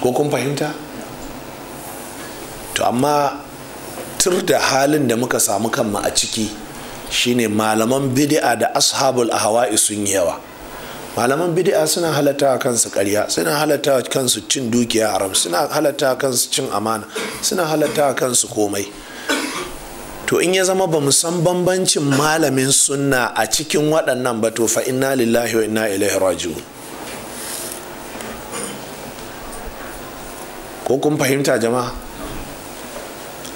Speaker 1: ko kun fahimta to amma tur da halin da muka samu kanmu a ciki shine malaman bid'a da ashabul ahwa'i sun yi yawa malaman bid'a suna halatta kansu karya suna halatta kansu cin dukiya haram suna halatta kansu cin amana suna halatta kansu komai to in ya zama ba san bambancin malamin sunna a cikin waɗannan ba to fa inna lillahi wa inna ilaihi raji'un ko kun fahimta jama'a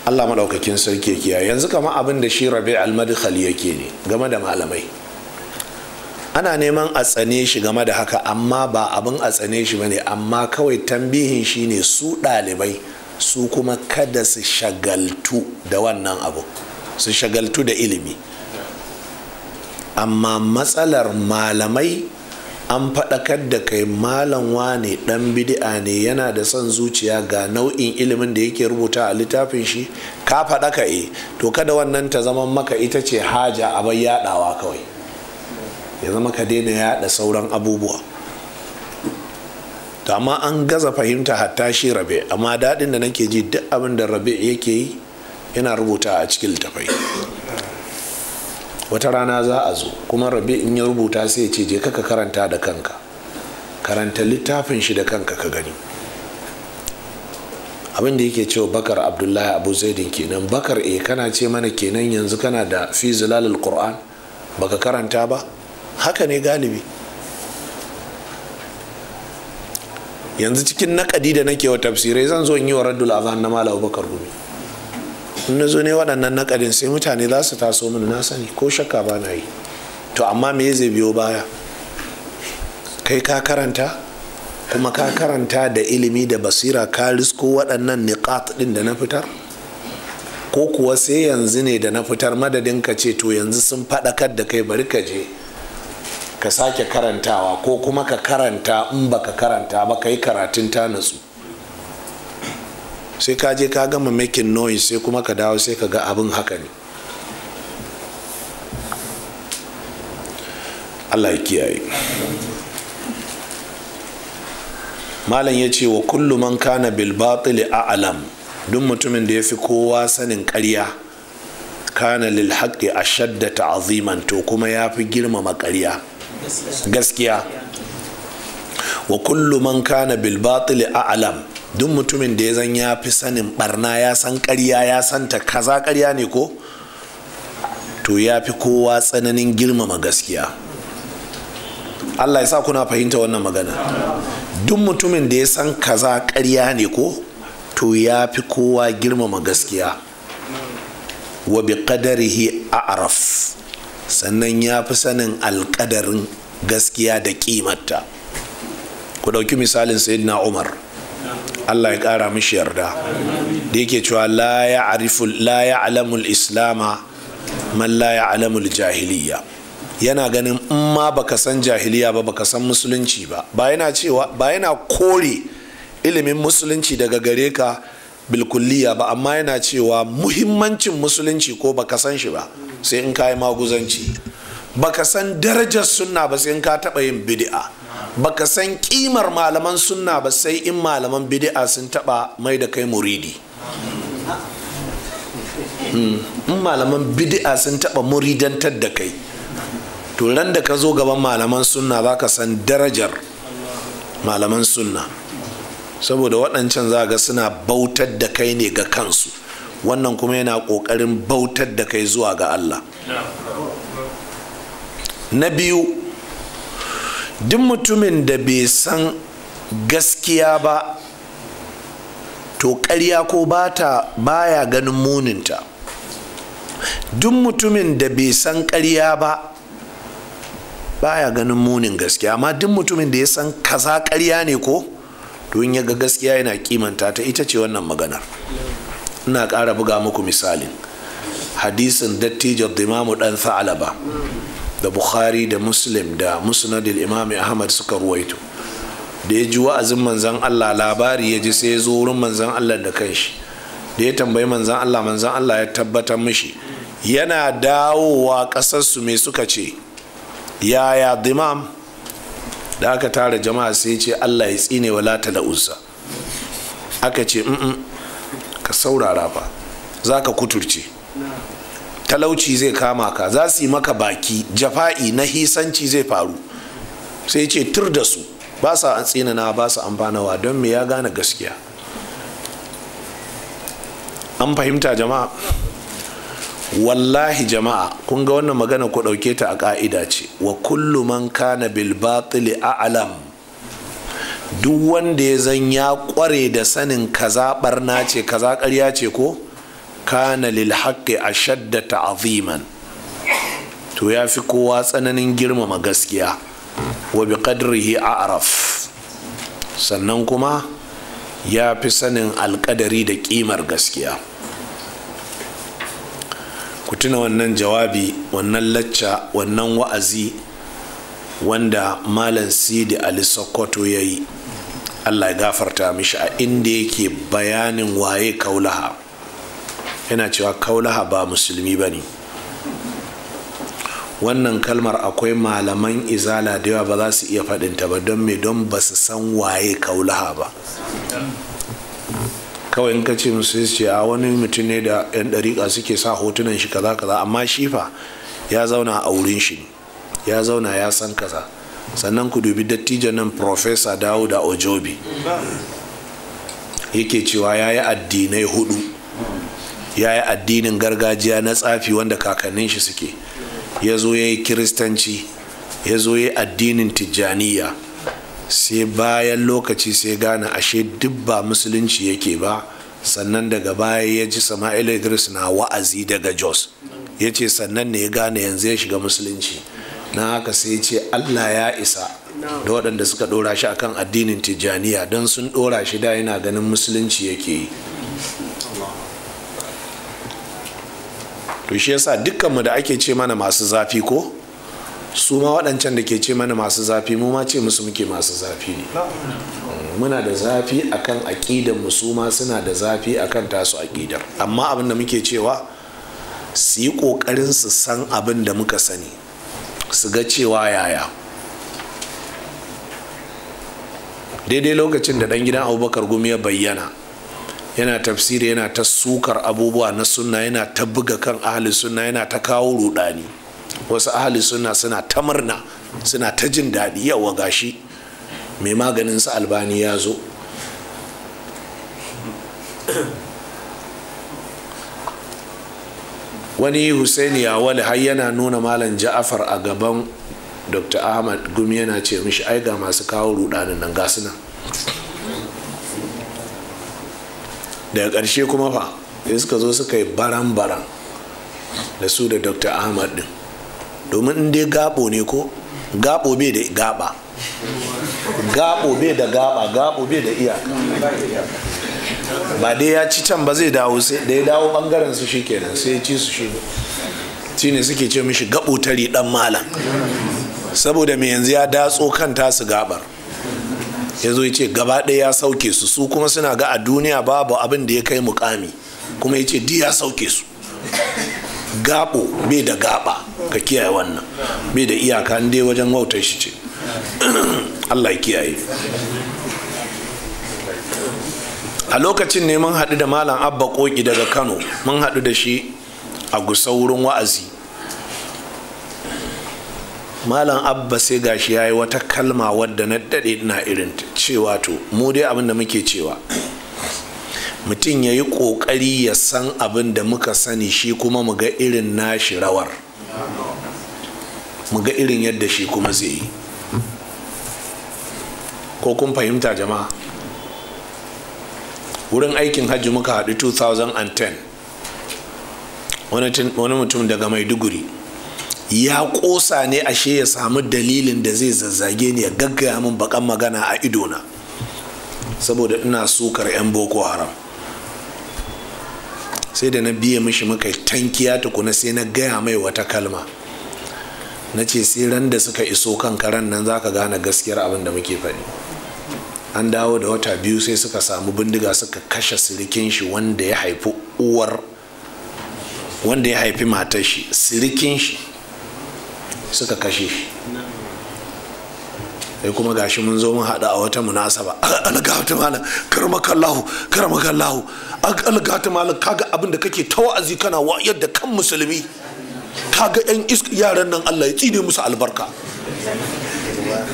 Speaker 1: Allah maɗaukakin sarki kiya yanzu kama abin da shi rabi almadkhali yake ne game da malamai ana neman a tsane shi game da haka amma ba abin a tsane shi ba ne, amma kawai tambihin shi ne su ɗalibai su kuma kada su shagaltu da wannan abu su shagaltu da ilimi amma matsalar malamai an faɗakar da kai malam wane ɗan bidi'a ne yana da son zuciya ga nau'in ilimin da yake rubuta a littafin shi ka faɗaka e to kada wannan ta zama maka ita ce haja a bai yaɗawa kawai ya zama ka daina yaɗa sauran abubuwa to amma an gaza fahimta hatta shi rabe amma daɗin da nake ji duk abin da rabe yake yi yana rubuta a cikin littafai wata rana za a zo kuma rabi in ya rubuta sai ce je ka karanta da kanka karanta littafin shi da kanka ka gani abinda da yake cewa bakar abdullahi abu zaidin kenan bakar e kana ce mana kenan yanzu kana da fi zilalul qur'an baka karanta ba haka ne galibi yanzu cikin nakadi da nake wa tafsirai zan zo in yi wa raddul azan na malam bakar gumi in na zo ne waɗannan naƙadin sai mutane za su taso mini na sani ko shakka ba na yi to amma me zai biyo baya kai ka karanta kuma ka karanta da ilimi da basira ka risko waɗannan niqat ɗin da na fitar ko kuwa sai yanzu ne da na fitar madadin ka ce to yanzu sun faɗakar da kai bari ka je ka sake karantawa ko kuma ka karanta in baka karanta ba ka yi karatun ta natsu sai ka je ka gama making noise sai kuma ka dawo sai ka ga abin haka ne allah ya kiyaye malam ya ce wa kullum man kana bil a a'lam duk mutumin da ya fi kowa sanin karya kana lilhaƙi a shadda aziman to kuma ya fi girmama karya gaskiya wa kulluman man kana bil a a'lam duk mutumin da ya zan ya fi sanin barna ya san karya ya santa kaza karya ne ko to ya fi kowa tsananin girmama gaskiya allah ya sa kuna fahimta wannan magana duk mutumin da ya san kaza karya ne ko to ya fi kowa girmama gaskiya wa bi a a'raf sannan ya fi sanin alƙadarin gaskiya da ƙimarta ku ɗauki misalin sayyidina umar Allah ya ƙara mishi yarda da yake cewa la ya alamul islama man la ya alamul jahiliya yana ganin in ma baka san jahiliya ba baka san musulunci ba ba yana cewa ba yana kore ilimin musulunci daga gare ka bilkulliya ba amma yana cewa muhimmancin musulunci ko baka san shi ba sai in ka yi maguzanci baka san darajar sunna ba sai in ka taɓa yin bid'a baka san kimar malaman sunna ba sai in malaman bid'a sun taba mai da kai muridi hmm. in malaman bid'a sun taba muridantar da kai to ran da ka zo gaban malaman sunna ba ka san darajar malaman sunna saboda waɗancan za ga suna bautar da kai ne ga kansu wannan kuma yana ƙoƙarin bautar da kai zuwa ga allah na biyu duk mutumin da bai san gaskiya ba to karya ko bata baya ganin muninta duk mutumin da bai san ƙarya ba baya ganin munin gaskiya amma duk mutumin da ya san kaza karya ne ko to in ya ga gaskiya yana kimanta ta ita ce wannan maganar ina ƙara buga muku misalin hadisin dattijo da imamu dan sa'alaba da bukhari da muslim da musnadil imam ahmad suka ruwaito da ya ji wa'azin manzan allah labari ya ji sai ya zo wurin manzan allah da kanshi da ya tambayi manzan allah manzan allah ya tabbatar mishi yana dawowa kasarsu mai suka ce yaya dimam da aka tara jama'a sai ce allah ya tsine wa lata da uzza aka ce ka saurara fa za ka kuturce talauci zai kama ka za su yi maka baki jafa'i na hisanci zai faru sai ce tur da su ba sa an na ba su amfanawa don me ya gane gaskiya an fahimta jama'a wallahi jama'a kun ga wannan magana ku ɗauke ta a ƙa'ida ce wa kullu man kana bil batili a'lam duk wanda ya zan ya ƙware da sanin kaza na ce kaza ƙarya ce ko kana lil a ashadda aziman to ya fi kowa tsananin girmama gaskiya wa bi qadrihi a'raf sannan kuma ya fi sanin alƙadari da ƙimar gaskiya ku tuna wannan jawabi wannan lacca wannan wa'azi wanda malam sidi ali sokoto ya yi allah ya gafarta mishi a inda yake bayanin waye kaulaha yana cewa kaulaha ba musulmi ba ne wannan kalmar akwai malaman izala da yawa ba za su iya faɗinta ba don me don ba su san waye kaulaha ba kawai in ka ce musu ce a wani mutum ne da 'yan ɗariƙa suke sa hotunan shi kaza kaza amma shi ya zauna a wurin shi ya zauna ya san kaza sannan ku dubi dattijan nan profesa dawuda ojobi yake cewa ya yi addinai hudu ya yi addinin gargajiya na tsafi wanda kakannin shi suke ya zo ya yi kiristanci ya zo ya yi addinin tijjaniya sai bayan lokaci sai gane ashe duk ba musulunci yake ba sannan daga baya ya ji sama'il idris na wa'azi daga jos ya ce sannan ne ya gane yanzu ya shiga musulunci na haka sai ce allah ya isa da waɗanda suka ɗora shi akan addinin tijjaniya don sun ɗora shi da yana ganin musulunci yake yi to shi yasa dukkanmu da ake ce mana masu zafi ko su ma waɗancan da ke ce mana masu zafi mu ma ce musu muke masu zafi ne
Speaker 2: mm,
Speaker 1: muna da zafi akan aƙidar mu su ma suna da zafi akan tasu aƙidar amma abin da muke cewa su yi ƙoƙarin su san abin da muka sani su ga cewa yaya daidai lokacin da ɗan gidan abubakar gumi ya bayyana yana tafsiri yana ta sukar abubuwa na sunna yana ta buga kan ahli sunna yana ta kawo rudani wasu ahli sunna suna ta murna suna ta jin daɗi yawa gashi mai maganin su albani ya zo wani husaini ya wali har yana nuna malam ja'afar a gaban dr ahmad gumi yana ce mishi ai ga masu kawo rudanin nan ga suna. daga ƙarshe kuma fa sai suka zo suka yi baran-baran da su da dr ahmad din domin in dai gabo ne ko gabo bai da gaba gabo bai da gaba gabo bai da iyaka ba dai ya ci can ba zai dawo sai da ya dawo bangaren su shikenan sai ya ci su shi ne suke ce mishi gabo tari dan malam saboda mai yanzu ya datso kan tasu gabar ya zo ya ce gaba ɗaya ya sauke su su kuma suna ga a duniya babu abin da ya kai mukami kuma ya ce di ya sauke su gaɓo bai da gaɓa ka kiyaye wannan bai da iyaka dai wajen wautar shi ce (clears throat) allah kiyaye a lokacin ne mun haɗu da malam abba koki daga kano mun haɗu da shi a gusa wurin wa'azi malam abba sai gashi ya yi wata kalma wadda na daɗe na irin cewa to mu dai abin da muke cewa mutum ya yi ƙoƙari ya san abin da muka sani shi kuma mu ga irin nashi rawar mu ga irin yadda shi kuma zai yi ko kun fahimta jama'a wurin aikin hajji muka haɗu 2010 wani mutum daga maiduguri ya ƙosa ne ashe ya samu dalilin da zai zazzage ni ya gaggaya min bakan magana a idona saboda ina sukar 'yan boko haram sai da na biya mishi muka tankiya tukuna sai na gaya mai wata kalma na ce sai ran da suka iso kan karen nan za ka gane gaskiyar abin da muke faɗi an dawo da wata biyu sai suka samu bindiga suka kashe sirikin shi wanda ya haifi uwar wanda ya haifi matar sirikin shi suka kashe shi sai kuma gashi mun zo mun haɗu a wata munasaba (laughs) algata malam karmakallahu Kallahu. algata malam kaga abin da kake tawazi kana wa da kan musulmi kaga yan yaran nan Allah ya tsine musu albarka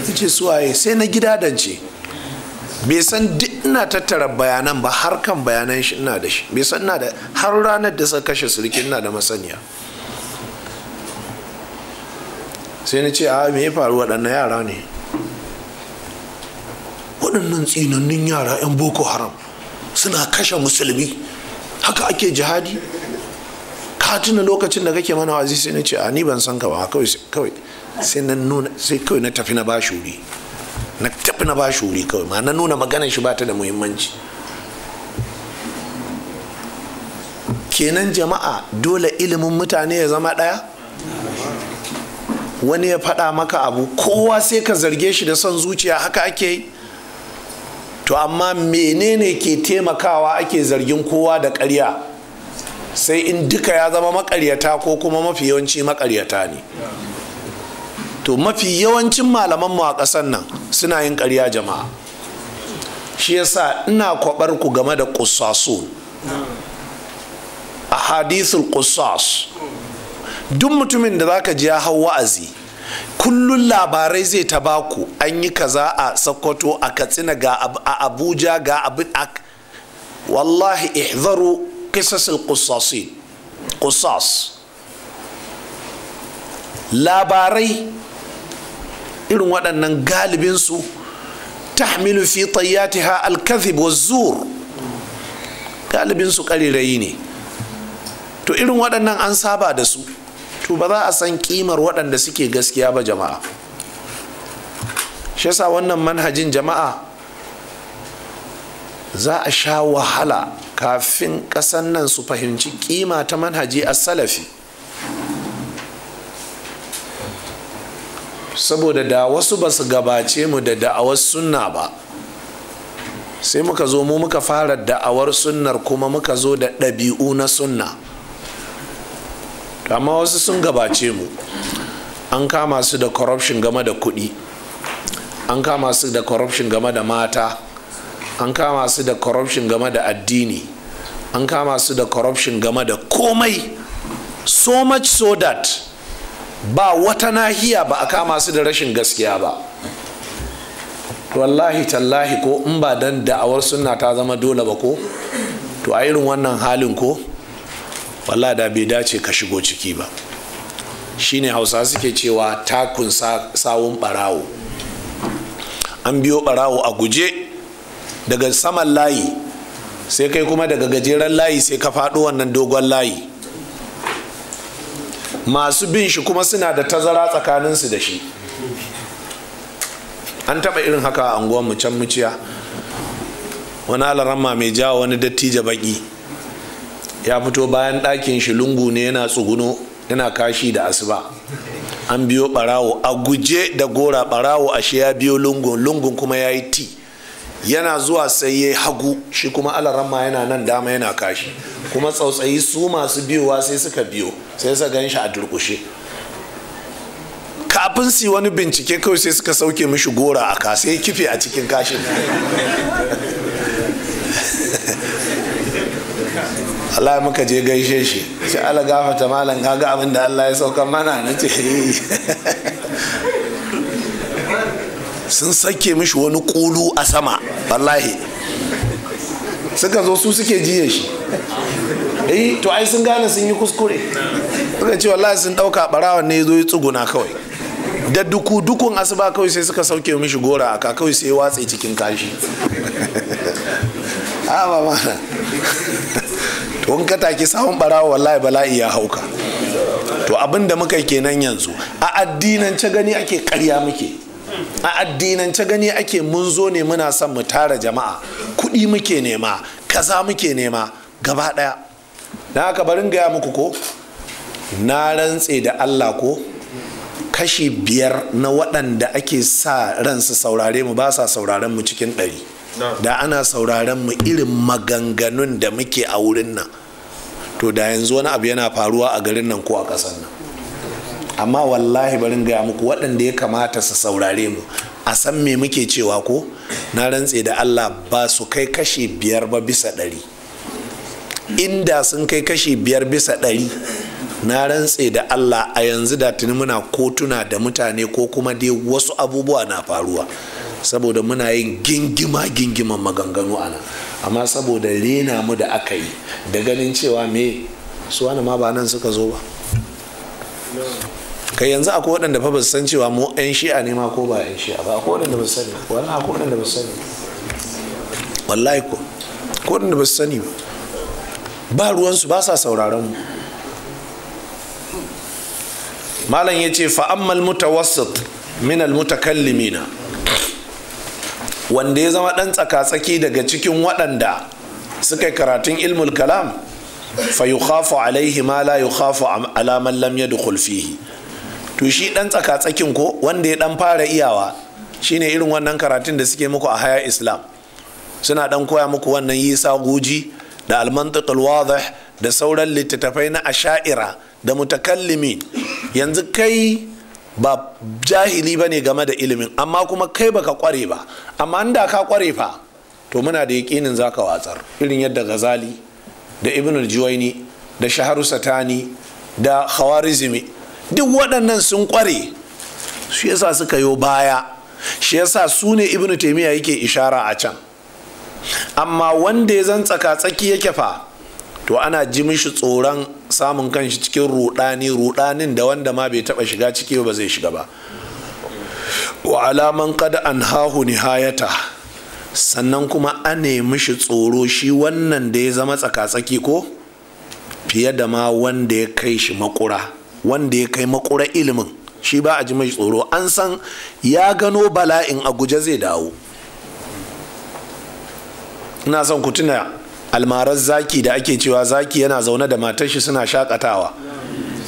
Speaker 1: kace suwaye sai na dance bai san duk ina tattara bayanan ba har kan bayanan shi ina da shi bai san ina da har ranar da suka kashe sirki ina da masaniya sai na ce a me ya faru waɗannan yara ne waɗannan tsinannun yara 'yan boko haram suna kashe musulmi haka ake jihadi ka tuna lokacin da kake mana wazi sai na ce a ni ban san ka ba kawai sai na nuna sai kawai na tafi na ba shuri na tafi na ba shuri kawai ma na nuna maganar shi ba ta da muhimmanci kenan jama'a dole ilimin mutane ya zama ɗaya wani ya faɗa maka abu kowa sai ka zarge shi da son zuciya haka ake yi to amma menene ke taimakawa ake zargin kowa da ƙarya sai in duka ya zama makaryata ko kuma mafi yawanci makaryata ne to mafi yawancin malaman mu a ƙasar nan suna yin ƙarya jama'a shi yasa ina kwabar ku game da ƙusasu a hadithul ƙusas duk mutumin da zaka ji ya hau wa'azi kullun labarai zai ta baku an yi kaza a sokoto a katsina ga a abuja ga abin wallahi ihzaru kisasin kusasin kusas labarai irin waɗannan galibinsu hamilu fi ha alkazib wa zur galibinsu ƙarirayi ne to irin waɗannan an saba da su to ba za a san kimar waɗanda suke gaskiya ba jama'a shi yasa wannan manhajin jama'a za a sha wahala kafin ƙasan nan su fahimci kima ta manhaji a salafi saboda da wasu ba su gabace mu da da'awar sunna ba sai muka zo mu muka fara da'awar sunnar kuma muka zo da ɗabi'u na sunna amma wasu sun gabace mu an kama su da corruption game da kuɗi an kama su da corruption game da mata an kama su da corruption game da addini an kama su da corruption game da komai so much so that ba wata nahiya ba a kama su da rashin gaskiya ba wallahi tallahi ko in ba dan da'awar sunna ta zama dole ba ko to a irin wannan halin ko wallah da bai dace ka shigo ciki ba shine hausa suke cewa takun sawun barawo an biyo barawo a guje daga saman layi sai kai kuma daga gajeren layi sai ka faɗo wannan dogon layi masu bin shi kuma suna da tazara tsakaninsu da shi an taɓa irin haka a unguwar mu can muciya wani alaramma mai jawo wani dattijo baƙi ya fito bayan ɗakin shi lungu ne yana tsuguno yana kashi da asuba an biyo ɓarawo a guje da gora barawo ashe ya biyo lungun lungun kuma ya yi ti yana zuwa sai ya hagu shi kuma alaramma yana nan dama yana kashi kuma tsautsayi su masu biyowa sai suka biyo sai suka gan shi a durkushe kafin su wani bincike kawai sai suka sauke mishi gora a kasa ya kife a cikin kashin Allah muka je gaishe shi ce ala gafata malam ga abin da Allah ya sauka mana na ce eh. sun sake mishi wani kulu a sama wallahi suka zo su suke jiye shi eh to ai sun gane sun yi kuskure suka ce wallahi sun dauka barawan ne zo ya tsuguna kawai da duku dukun asuba kawai sai suka sauke mishi gora aka kawai sai watsa cikin kashi a (laughs) ba to in ka take samun barawa wallahi bala'i ya hauka to abin da muka kenan yanzu a addinance gani ake karya muke a addinance gani ake mun zo ne muna son mu tara jama'a kuɗi muke nema kaza muke nema gaba ɗaya na ka barin gaya muku ko na rantse da allah ko kashi biyar na waɗanda ake sa ransu saurare mu ba sa sauraren mu cikin ɗari da ana sauraron mu irin maganganun da muke a wurin nan to da yanzu wani abu yana faruwa a garin nan ko a ƙasar nan amma wallahi barin gaya muku waɗanda ya kamata su saurare mu a san me muke cewa ko na rantse da allah ba su kai kashi biyar ba bisa ɗari inda sun kai kashi biyar bisa ɗari na rantse da allah a yanzu da tuni muna kotuna da mutane ko kuma dai wasu abubuwa na faruwa saboda muna yin gingima gingiman maganganu a nan amma saboda rena mu da aka yi da ganin cewa me su wani ma ba nan suka zo ba kai yanzu akwai waɗanda fa ba su san cewa mu 'yan shi'a ne ma ko ba 'yan shi'a ba akwai waɗanda ba su sani wani akwai waɗanda ba su sani wallahi ko akwai waɗanda ba su sani ba ba ruwansu ba sa sauraron mu malam ya ce fa'ammal mutawassit min al mutakallimina wanda ya zama ɗan tsaka-tsaki daga cikin waɗanda suka yi karatun ilmul kalam fa yukhafu alaihi ma la yukhafu ala man lam yadkhul fihi to shi ɗan tsaka-tsakin ko wanda ya ɗan fara iyawa shine irin wannan karatun da suke muku a haya islam suna ɗan koya muku wannan yisa guji da almantiqul wadih da sauran littattafai na asha'ira da mutakallimi yanzu kai ba jahili ba ne game da ilimin amma kuma kai baka kware ba amma inda ka kware fa to muna da yaƙinin za ka watsar irin yadda gazali da ibn juwaini da shaharu satani da khawarizmi duk waɗannan sun kware su yasa suka yo baya shi yasa su ne ibn taimiyya yake ishara a can amma wanda ya zan tsaka tsaki yake fa to ana ji mishi tsoron samun kanshi cikin rudani rudanin da wanda ma bai taba shiga ciki ba zai shiga ba wa alaman kada an hahu nihayata sannan kuma a nemi shi tsoro shi wannan da ya zama tsaka-tsaki ko fiye da ma wanda ya kai shi makura wanda ya kai makura ilimin shi ba a ji mai tsoro an san ya gano bala'in a guje zai dawo ina son ku tuna almarar zaki da ake cewa zaki yana zaune da matar shi suna shakatawa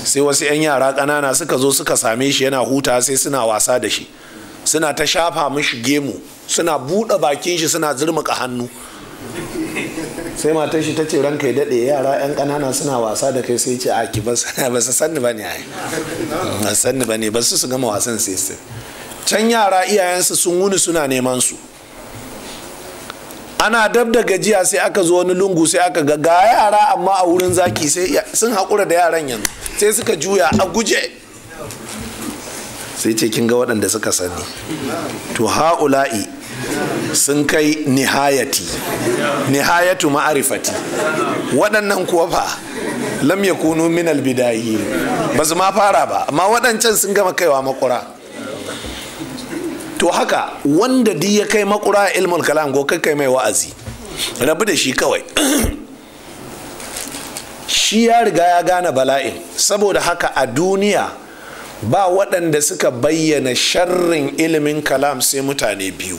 Speaker 1: sai wasu 'yan yara ƙanana suka zo suka same shi yana huta sai suna wasa da shi suna ta shafa mishi gemu suna buɗe bakin shi suna zurmuka hannu sai matar shi ta ce ranka ya daɗe yara 'yan ƙanana suna wasa da kai sai ce a ki (laughs) ba su sanni ba ne a yi su gama wasan sai sai can yara iyayensu sun wuni suna neman su ana dab da gajiya sai aka zo wani lungu sai aka ga ga yara amma a wurin zaki sai sun haƙura da yaran yanzu sai suka juya a guje sai ce kin ga waɗanda suka sani to ha'ula'i sun kai nihayati nihayatu ma'arifati waɗannan kuwa fa lam yakunu min albidayi ba su ma fara ba amma waɗancan sun gama kaiwa makura to haka wanda di ya kai makura ilmul kalam go kai mai wa'azi rabu da shi kawai (clears throat) shi ya riga ya gane bala'in saboda haka a duniya ba waɗanda suka bayyana sharrin ilimin kalam sai mutane biyu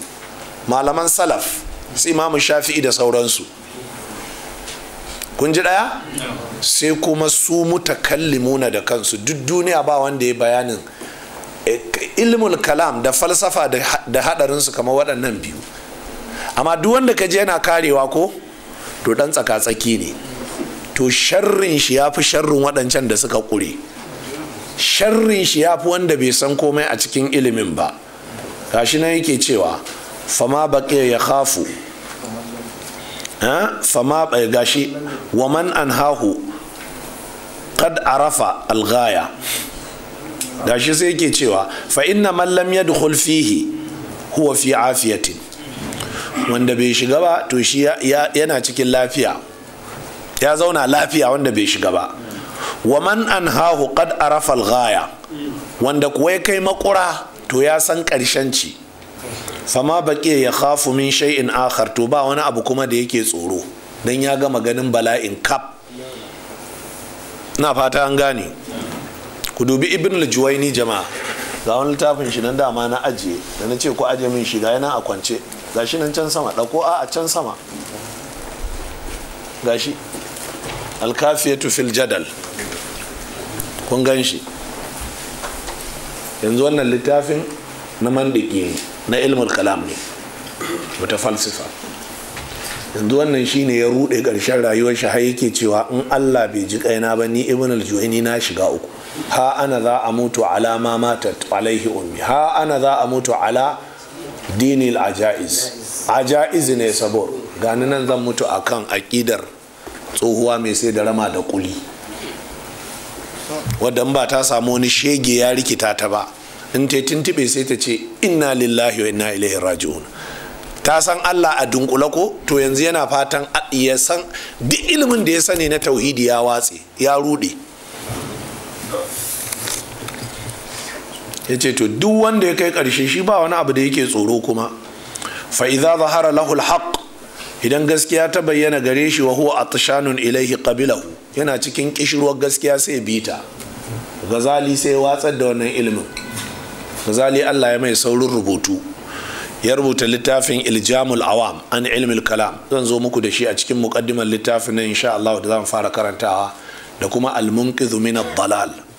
Speaker 1: malaman salaf sai imamu shafi'i da sauransu kun ji ɗaya sai kuma su mutakallimuna da kansu duk duniya ba wanda ya bayanin Eh, ilmul kalam da falsafa da haɗarinsu kamar waɗannan biyu amma duk wanda ka je yana karewa ko to ɗan tsaka-tsaki ne to sharrin shi ya fi sharrin waɗancan da suka ƙure sharrin shi ya fi wanda bai san komai a cikin ilimin ba gashi nan yake cewa fama baƙe ya khafu fama eh, gashi waman an hahu kad arafa algaya gashi sai yake cewa fa inna mallam ya yadkhul fihi huwa fi afiyatin wanda bai shiga ba to shi yana cikin lafiya ya zauna lafiya wanda bai shiga ba wa man anhahu kad arafa al-ghaya wanda kuwa ya kai makura to ya san karshen ci fama baƙi ya khafu min shay'in akhar to ba wani abu kuma da yake tsoro dan ya gama ganin bala'in kaf na fata an gane ku dubi ibn al-juwaini jama'a ga wani littafin shi nan dama na ajiye da na ce ku ajiye min shi ga nan a kwance ga shi nan can sama ɗauko a a can sama ga shi alkafiyatu fil jadal kun gan shi yanzu wannan littafin na mandiki ne na ilmul kalam ne wata falsifa yanzu wannan shine ya rude karshen rayuwar shi har yake cewa in Allah bai ji kaina ba ni ibn al na shiga uku ha ana za a mutu ala ma matat alaihi ummi ha ana za a mutu ala dinil ajaiz ajaiz ne sabo gani nan zan mutu akan aƙidar tsohuwa mai sai da rama da kuli wadda ba ta samu wani shege ya rikita ta ba in ta tuntube sai ta ce inna lillahi wa inna ilaihi raji'un ta san Allah a dunkula ko to yanzu yana fatan ya san duk ilimin da ya sani na tauhidi ya watse ya rude ya ce to duk wanda ya kai ƙarshe shi ba wani abu da yake tsoro kuma fa'iza zahara lahul haq idan gaskiya ta bayyana gare shi wa huwa atshanun ilaihi qabilahu yana cikin kishirwar gaskiya sai bita gazali sai watsar da wannan ilimin gazali Allah ya mai saurin rubutu ya rubuta littafin iljamul awam an ilmil kalam zan zo muku da shi a cikin muqaddimar littafin na insha Allah da zan fara karantawa da kuma al-munqidhu min ad-dalal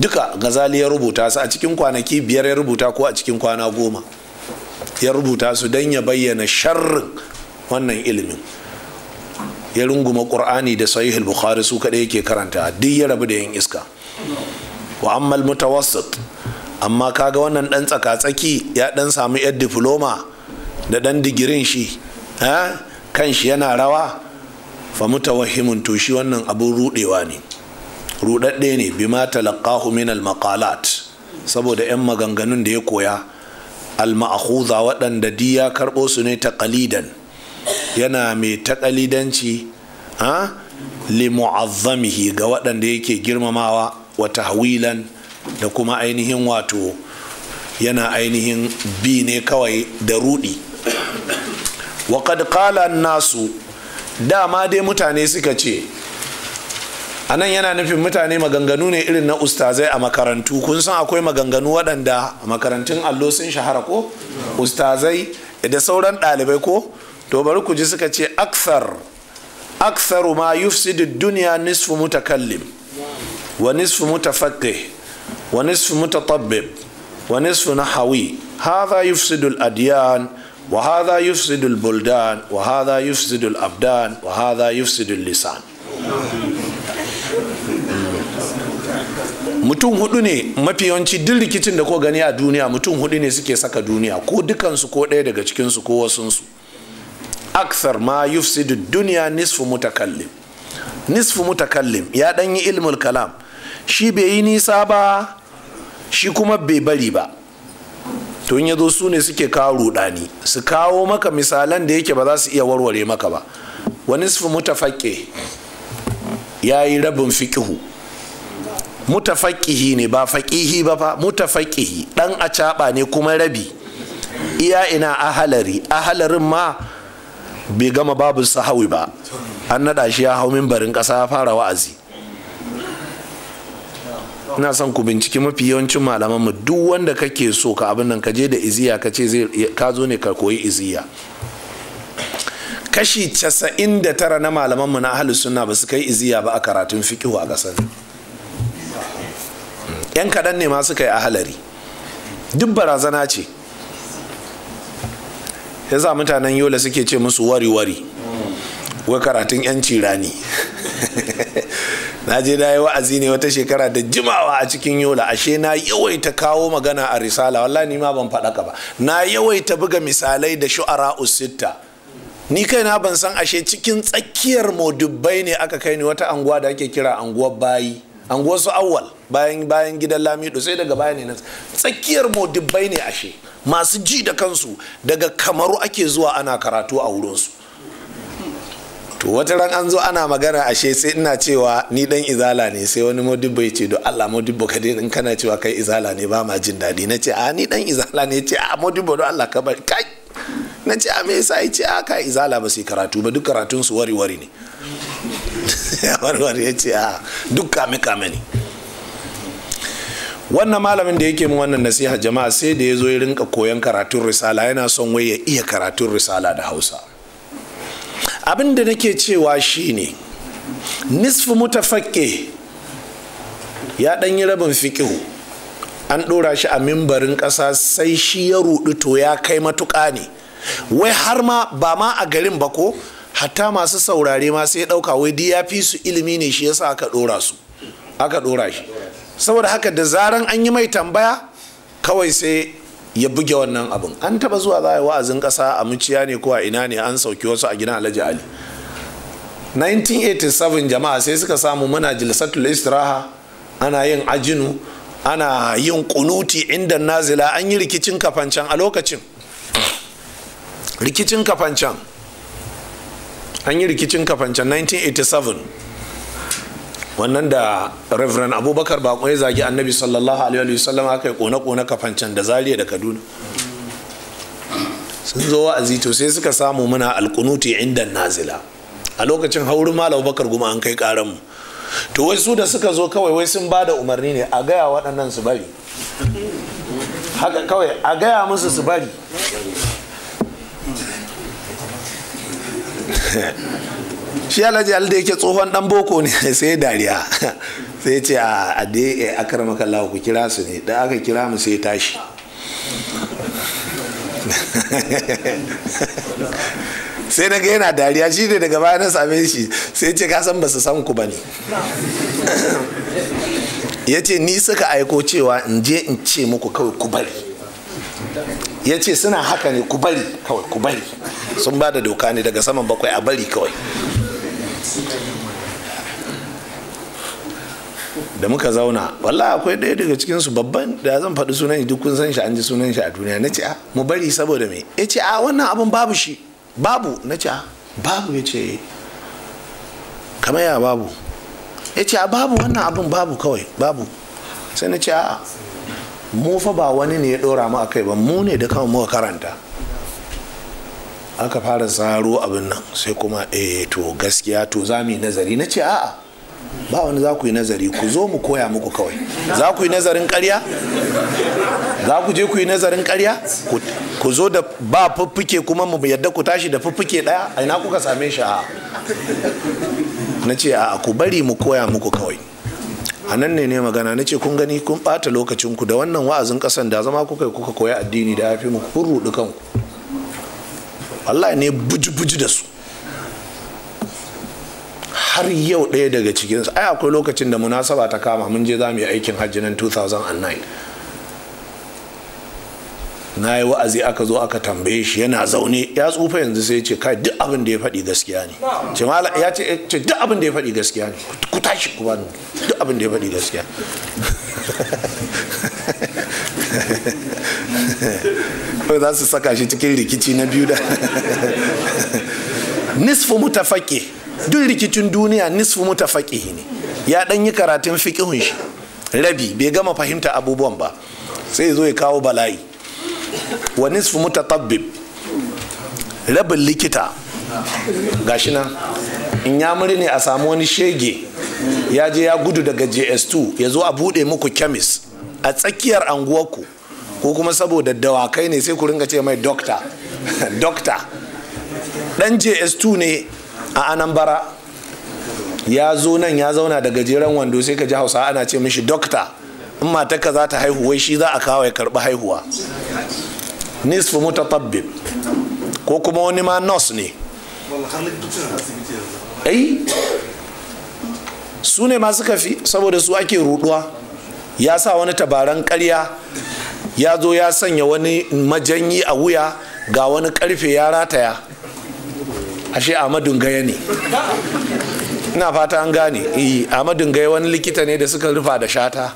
Speaker 1: duka gazali ya rubuta su a cikin kwanaki biyar ya rubuta ko a cikin kwana goma ya rubuta su don ya bayyana sharrin wannan ilimin ya runguma Ƙur'ani da sahihul bukhari su kaɗai yake karanta duk ya rabu da yin iska wa ammal mutawassit amma kaga wannan dan tsaka-tsaki ya dan samu yar diploma da dan digirin shi eh, kan shi yana rawa fa mutawahhimun to shi wannan abun rudewa ne rudadde ne bima talaqahu min al saboda yan maganganun da ya koya al waɗanda di ya karɓo su ne taqalidan yana mai taqalidanci ha li mu'azzamihi ga waɗanda yake girmamawa wa tahwilan da kuma ainihin wato yana ainihin bi ne kawai da rudi wa qad qala nasu dama dai mutane suka ce a nan yana nufin mutane maganganu ne irin na ustazai a makarantu kun san akwai maganganu waɗanda makarantun allo sun shahara ko ustazai da sauran ɗalibai ko to bari ku ji suka ce aksar aksaru ma yufsidu duniya nisfu mutakallim wa nisfu mutafaqih wa nisfu mutatabbib wa nisfu nahawi hadha yufsidu al-adyan wa haza yufsidu al-buldan wa haza yufsidu al-abdan wa haza yufsidu al-lisan mutum hudu ne mafi yawanci duk rikicin da ko gani a duniya mutum hudu ne suke saka duniya ko dukansu ko ɗaya daga cikinsu ko wasunsu aksar ma yufsidu duniya nisfu mutakallim nisfu mutakallim ya ɗan yi ilmul kalam shi bai yi nisa ba shi kuma bai bari ba tun ya zo su ne suke kawo rudani su kawo maka misalan da yake ba za su iya warware maka ba wa nisfu mutafakke ya yi rabin fiƙihu mutafaƙihi ne ba faƙihi ba fa mutafaƙihi ɗan acaɓa ne kuma rabi iya ina ahalari ahalarin ma bai gama babu sahawi ba an naɗa shi ya hau mimbarin ƙasa ya fara wa'azi ina son ku binciki mafi yawancin malaman mu duk wanda kake so ka abin nan ka je da iziya ka ce zai ka zo ne ka koyi iziya kashi 99 na malaman mu na ahlus sunna ba su kai iziya ba a karatun fiqhu a ƙasar yan kaɗan ne ma suka yi ahalari duk barazana ce ya sa mutanen yola suke ce musu wari-wari wai karatun yanci rani (laughs) na je na yi wa'azi ne wata shekara da jimawa a cikin yola ashe na yawaita kawo magana a risala wallahi ni ma ban faɗaka ba na yawaita buga misalai da shu'ara usitta ni kaina ban san ashe cikin tsakiyar dubbai ne aka kai ni wata anguwa da ake kira anguwar bayi anguwar su awwal bayan bayan gidan lamido sai daga baya ne tsakiyar tsakiyar modibbai ne ashe masu ji da kansu daga kamaru ake zuwa ana karatu a wurinsu to wata ran an zo ana magana ashe sai ina cewa ni dan izala ne sai wani modibbo ya ce do Allah modibbo ka in kana cewa kai izala ne ba ma jin daɗi na ce a ni dan izala ne ce a modibbo do Allah ka bar kai na ce a me yasa ya ce a ka izala ba sai karatu ba duk karatun su wari wari ne (laughs) ya wari wari ya ce a duk kame kame ne wannan malamin da yake mu wannan nasiha jama'a sai da ya zo ya rinka koyon karatun risala yana son wai ya iya karatun risala da hausa abin da nake cewa shine nisfi mutafakke ya ɗan yi rabin fikihu an ɗora shi a mimbarin ƙasa sai shi ya ruɗu to ya kai matuƙa ne wai har ma ba ma a garin ba ko hatta masu saurare ma sai ɗauka wai duk ya fi su ilimi ne shi yasa aka dora su aka ɗora shi saboda haka da zaran an yi mai tambaya kawai sai ya buge wannan abin an taba zuwa za a yi wa'azin ƙasa a muciya ne ko a ina ne an sauki wasu a gidan alhaji ali 1987 jama'a sai suka samu muna jilsatul istiraha ana yin ajinu ana yin kunuti inda nazila an yi rikicin kafancan a lokacin rikicin kafancan an yi rikicin kafancan 1987 wannan da reverend abubakar bakon ya zagi annabi sallallahu alaihi sallam aka yi kone-kone kafancan da zariya da kaduna sun zo wa'azi azito sai suka samu muna alkunuti inda nazila a lokacin haurin malam bakar guma an kai karan mu to wai su da suka zo kawai wai sun ba da umarni ne a gaya waɗannan su bari haka kawai a gaya musu su bari shi alhaji alda yake tsohon dan boko ne (laughs) sai dariya (laughs) sai ce a ade a eh, akar ku kira su ne da aka kira mu sai tashi (laughs) sai na yana dariya shi ne daga baya na same shi sai ce ka san ba san ku ba ne ya ce ni suka aiko cewa in je in ce muku kawai ku bari ya ce suna haka ne ku bari kawai ku bari sun ba da doka ne daga saman bakwai a bari kawai da muka zauna wallahi akwai ɗaya daga cikin su babban da zan faɗi sunan duk kun san shi an ji sunan shi a duniya na ce a ah, mu bari saboda me ya ce a ah, wannan abin babu shi babu na ce a ah, babu ya ce kamar ya babu ya ce a babu wannan abin babu kawai babu sai na ce a mu fa ba wani ne ya ɗora mu a kai ba mu ne da kawai muka karanta aka fara tsaro abin nan sai kuma e to gaskiya to za mu yi nazari na ce a'a ba wani za ku yi nazari ku zo mu koya muku kawai za ku yi nazarin karya? za ku je ku yi nazarin karya? ku zo da ba fuffuke kuma mu yadda ku tashi da fuffuke ɗaya a ina kuka same shi a na ce a ku bari mu koya muku kawai a nan ne ne magana na ce kun gani kun ɓata lokacinku da wannan wa'azin ƙasan da zama kuka kuka koya addini da ya fi mu kun kanku wallahi ne buji-buji da su har yau ɗaya daga cikinsu ai akwai lokacin da munasaba ta kama mun je za mu yi aikin hajji nan 2009 na yi wa'azi aka zo aka tambaye shi yana zaune ya tsufa yanzu sai ce kai duk abin da ya faɗi gaskiya ne ya ce duk abin da ya faɗi gaskiya ne ku tashi ku bani duk abin da ya faɗi gaskiya (laughs) za su saka shi cikin rikici na biyu da (laughs) nisfu mutafaqi duk rikicin duniya nisfu mutafaki ne ya dan yi karatun fiqihun shi rabi bai gama fahimta abubuwan ba sai zo ya kawo bala'i wa nisfu mutatabbib rabin likita Gashina. nan in ya muri ne a samu wani shege ya je ya gudu daga js2 ya zo a bude muku kemis a tsakiyar anguwarku ko kuma saboda dawakai ne sai ku ringa ce mai dokta (laughs) dokta dan js2 ne a anambara ya zo nan ya zauna da gajeren wando sai ka ji hausa ana ce mishi dokta in ka za ta haihu wai shi za a kawo ya karbi haihuwa nisfu mutatabbib ko kuma wani ma nurse ne ai su ne ma suka fi saboda su ake ruduwa ya sa wani tabaran karya ya zo ya sanya wani majanyi a wuya ga wani karfe ya rataya ashe amadun gaya ne ina fata an gane eh amadun gaya wani likita ne da suka rufa da shata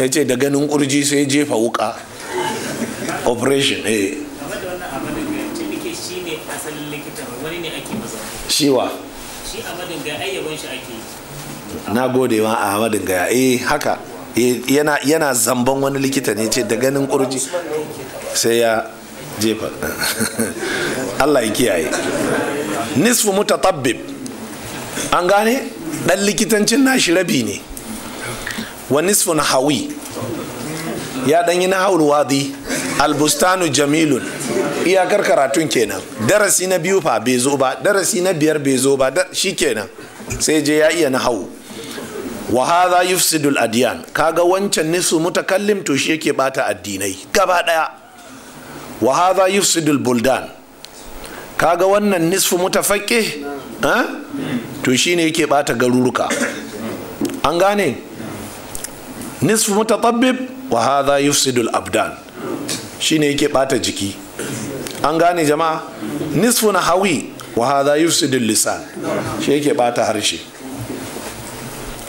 Speaker 1: ya ce da ganin kurji sai jefa wuka operation eh shiwa
Speaker 3: shi amadun gaya ayyabon shi ake
Speaker 1: na gode ma amadun gaya eh haka Eh, yana yana zamban wani likita ne ce da ganin kurji sai ya jefa (laughs) Allah ya kiyaye nisfu mutatabbib an gane dan likitancin nashi rabi ne wa nisfu hawi ya dan yi nahawul wadi albustanu jamilun iyakar karatun kenan darasi na biyu fa bai zo ba darasi na biyar bai zo ba shi kenan sai je ya iya na hawu. wa hadha yufsidu al-adyan kaga wancan nisu mutakallim to shi yake bata addinai gaba daya wa hadha yufsidu al-buldan kaga wannan nisfu mutafaqqi ha to shine yake bata garuruka an gane nisfu mutatabbib wa hadha yufsidu al-abdan shine yake bata jiki an gane jama'a nisfu nahawi wa hadha yufsidu al-lisan shi yake bata harshe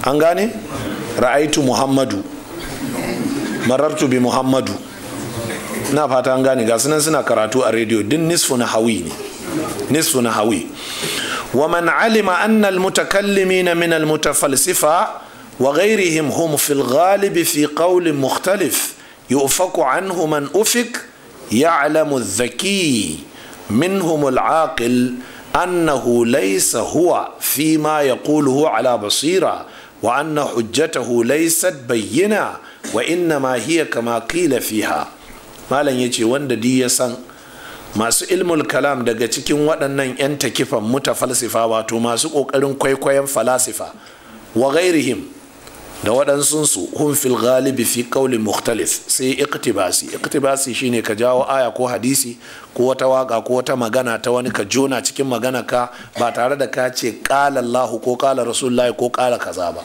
Speaker 1: an gane ra'aitu muhammadu marartu bi muhammadu na fata an gane ga sunan suna karatu a rediyo din nisfu na hawi ne nisfu na hawi wa man alima anna al mutakallimina min mutafalsifa wa ghairihim hum fil ghalibi fi qawlin mukhtalif yufaku anhu man ufik ya'lamu dhaki minhum al aqil annahu hulaisa huwa fi ma hu ala basira wa anna hujjatahu laysat bayyina wa inna ma hiya kama qila fiha malam yace wanda di ya san masu ilmul kalam daga cikin waɗannan 'yan takifan ta falsifa wato masu ƙoƙarin kwaikwayon falasifa wa ghairihim da waɗansunsu hun fil galibi fi kaulin mukhtalif sai iktibasi iktibasi shine ka jawo aya ko hadisi ko wata waka ko wata magana ta wani ka jona cikin magana ka ba tare da ka ce kala Allahu ko kala Rasulullahi ko kala kaza ba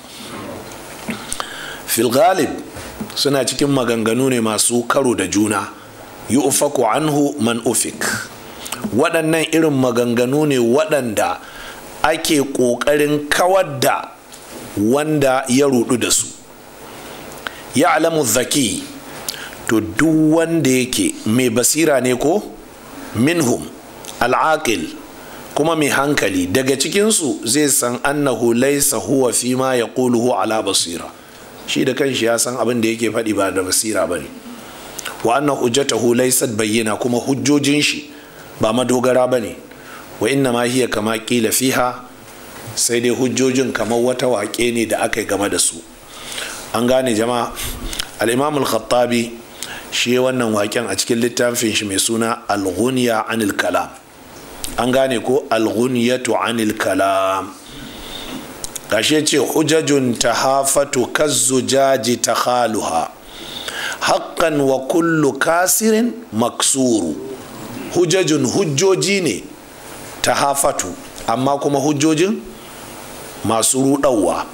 Speaker 1: fil galib suna cikin maganganu ne masu karo da juna yi ufaku anhu man ufik waɗannan irin maganganu ne waɗanda ake ƙoƙarin kawar da wanda ya rudu da su ya alamu zaki to duk wanda yake mai basira ne ko minhum al'aqil kuma mai hankali daga cikinsu zai san annahu laisa huwa fi ma ya ala basira shi da kanshi ya san abin da yake faɗi ba da basira ba ne wa annan hujjatahu laysat bayyana kuma hujjojin shi ba madogara ba ne wa inna ma hiya kama kila fiha sai dai hujjojin kamar wata waƙe ne da aka yi game da su an gane jama'a al'imamul khattabi shi wannan waƙen a cikin littafin shi mai suna alghuniya anil kalam an gane ko alghuniyatu anil kalam gashi ya ce hujajun tahafatu kazzujaji takhaluha haƙƙan wa kullu kasirin maksuru hujjajun hujjoji ne ta hafatu amma kuma hujjojin masu rudawa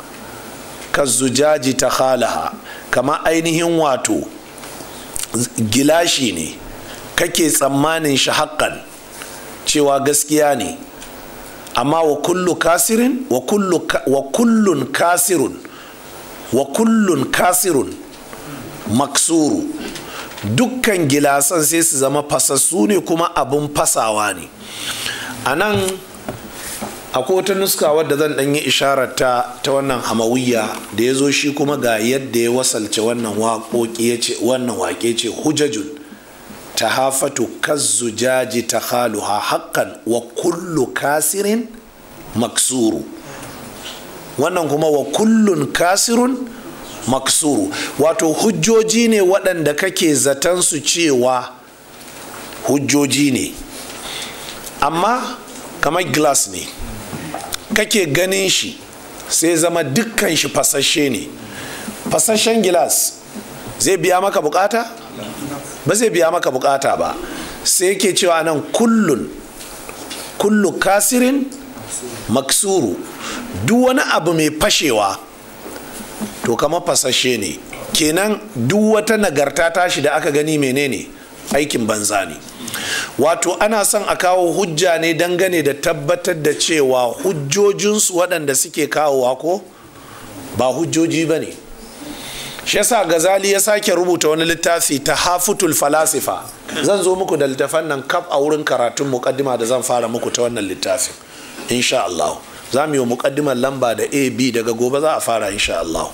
Speaker 1: kazzujaji ta khalaha kama ainihin wato gilashi ne kake tsammanin shi haƙƙan cewa gaskiya ne amma wa kullu kasirin wa kullun kasirun wa kullun kasirun maksuru dukkan gilasan sai su zama fasassu ne kuma abin fasawa ne a nan akwai wata nuska wadda zan ɗan yi isharar ta ta wannan hamawiyya da ya zo shi kuma ga yadda ya wasalce wannan waƙoƙi ya ce wannan waƙe ce hujajun ta hafatu jaji ta ha haƙƙan wa kullu kasirin maksuru wannan kuma wa kullun kasirun maksuru wato hujjoji ne waɗanda kake zaton su cewa hujjoji ne amma kamar glass ne kake ganin shi sai zama dukkan shi fasashe ne fasashen gilas zai biya maka bukata ba zai biya maka bukata ba sai yake cewa nan kullun kullu kasirin maksuru duk wani abu mai fashewa to kama fasashe ne kenan duk wata nagarta tashi da aka gani menene aikin banza ne wato ana son a kawo hujja ne dangane da tabbatar da cewa hujjojinsu waɗanda suke kawowa ko ba hujjoji ba ne shi yasa gazali ya sake rubuta wani littafi ta hafutul falasifa zan zo muku da littafan nan kaf a wurin karatun mukaddima da zan fara muku ta wannan littafi insha Allah za mu yi mukaddimar lamba da a b daga gobe za a fara insha Allah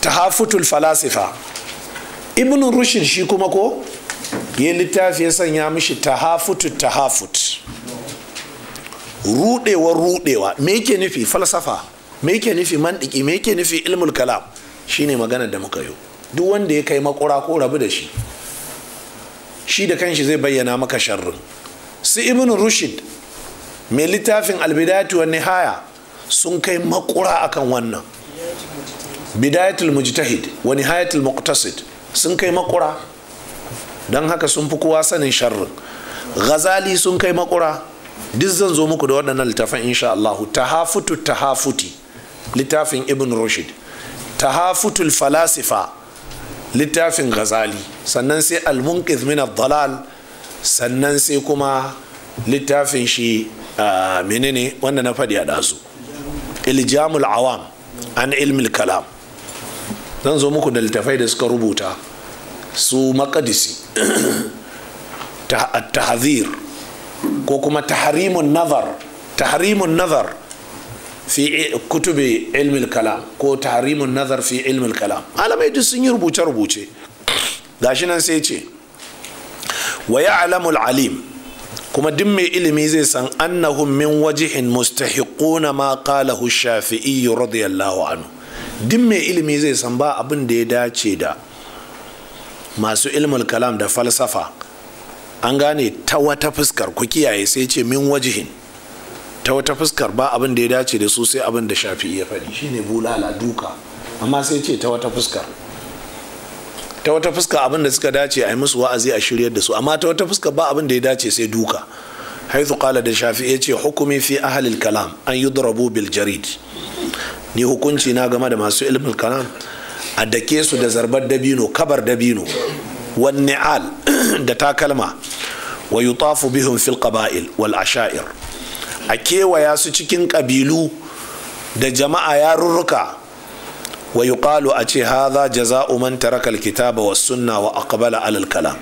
Speaker 1: ta hafutul falasifa ibn rushin shi kuma ko ya littafi ya sanya mishi tahafutu tahafut rudewa rudewa me yake nufi falsafa me yake nufi mandiki me yake nufi ilmul kalam shine maganar da muka yi duk wanda ya kai makura ko rabu da shi shi da kanshi zai bayyana maka sharrin su ibn rushid mai littafin albidatu wa nihaya sun kai makura akan wannan bidayatul mujtahid wa nihayatul muqtasid sun kai makura don haka sun fi kowa sanin sharrin ghazali sun kai makura duk zan zo muku da waɗannan littafin insha Allah tahafutu tahafuti littafin ibn rushd tahafutul falasifa littafin ghazali sannan sai al-munqidh min dalal sannan sai kuma littafin shi ah, menene wanda na faɗi a ɗazu iljamul awam an ilmil kalam zan zo muku da littafai da suka rubuta su makadisi (clears throat) tahzir ko kuma harimun nazar harimun nazar fi kutubi ilmin kalam ko harimun nazar fi ilmin kalam alamai duk sun yi rubuce-rubuce gashi nan sai ce wa ya'lamul alim kuma duk mai ilimi zai san annahum min wajihin mustahiquna ma hu shafi'i radiyallahu anhu duk mai ilimi zai san ba abin da ya dace da masu ilmul kalam da falsafa an gane ta wata fuskar ku kiyaye sai ce min wajihin ta wata fuskar ba abin da ya dace da su sai abin da shafi ya faɗi shine bulala duka amma sai ce ta wata fuskar ta wata fuskar abin da suka dace a yi musu wa'azi a shiryar da su amma ta wata fuskar ba abin da ya dace sai duka haithu qala da shafi ya ce hukumi fi ahalil kalam an yudrabu bil jarid ni hukunci na game da masu ilmul kalam a dake su da zarbar dabino kabar dabino wani al da takalma wa yutafu bihun fil qaba'il wal asha'ir a kewaya su cikin kabilu da jama'a yarurruka wa yuqalu a ce hadha jaza'u man taraka alkitaba was sunna wa aqbala alal kalam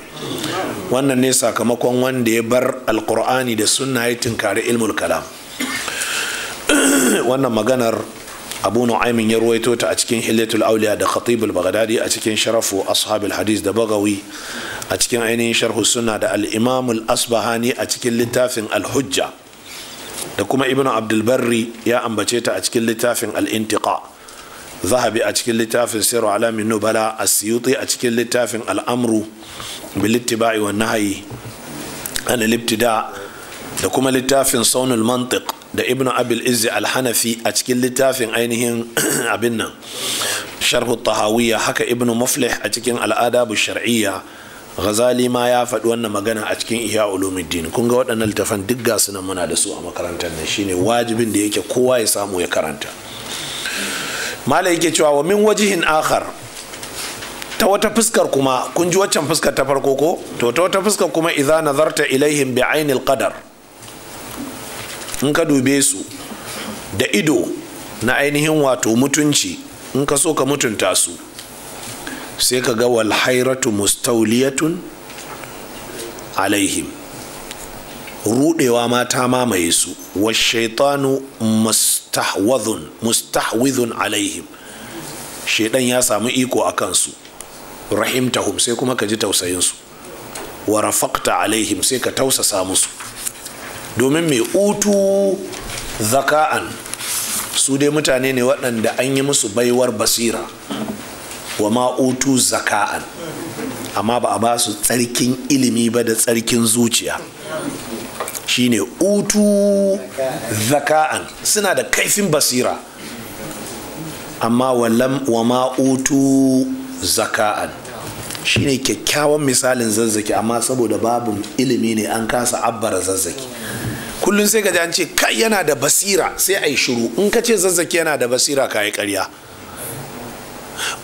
Speaker 1: wannan ne sakamakon wanda ya bar alqur'ani da sunna ya tinkari ilmul kalam (coughs) wannan maganar abu nu'aymin ya ruwaito ta a cikin hillatul auliya da khatibul baghdadi a cikin sharafu ashabul hadis da bagawi a cikin ainihin sharhu suna da al'imamul imam asbahani a cikin littafin al da kuma ibnu abdul barri ya ambace ta a cikin littafin Al'intiqa zahabi a cikin littafin sirru alamin nubala a siyuti a cikin littafin Al'amru bilittiba'i bil ittiba'i wan nahyi an da kuma littafin saunul mantiq da ibnu abil izzi alhanafi a cikin littafin ainihin (clears throat) abin nan sharhu tahawiyya haka ibnu muflih a cikin al'adabu shar'iyya ghazali ma ya faɗi wannan magana a cikin ihya ulumuddin kun ga waɗannan littafan duk ga nan muna da su a makarantar nan shine wajibin da yake kowa ya samu ya karanta mala yake cewa wa min wajihin akhar ta wata fuskar kuma kun ji waccan fuskar ta farko ko to ta wata fuskar kuma idza nazarta ilaihim bi ainil qadar in ka dube su da ido na ainihin wato mutunci in ka so ka mutunta su sai ka ga walhairatu mustauliyatun alaihim rudewa mata mamaye su washaitanu shaitanu mustahwidun alaihim shaidan ya samu iko a kansu rahimtahum sai kuma ka ji tausayinsu wa rafaqta alaihim sai ka tausasa musu domin mai utu zaka'an su dai mutane ne waɗanda an yi musu baiwar basira wa ma utu zaka'an amma ba a ba su tsarkin ilimi ba da tsarkin zuciya shine utu zaka'an suna da kaifin basira amma wa ma utu zaka'an shine kyakkyawan misalin zazzaki amma saboda babu ilimi ne an kasa abbara zazzaki kullum sai ka an ce kai yana da basira sai a yi shiru in ka ce zazzaki yana da basira ka yi karya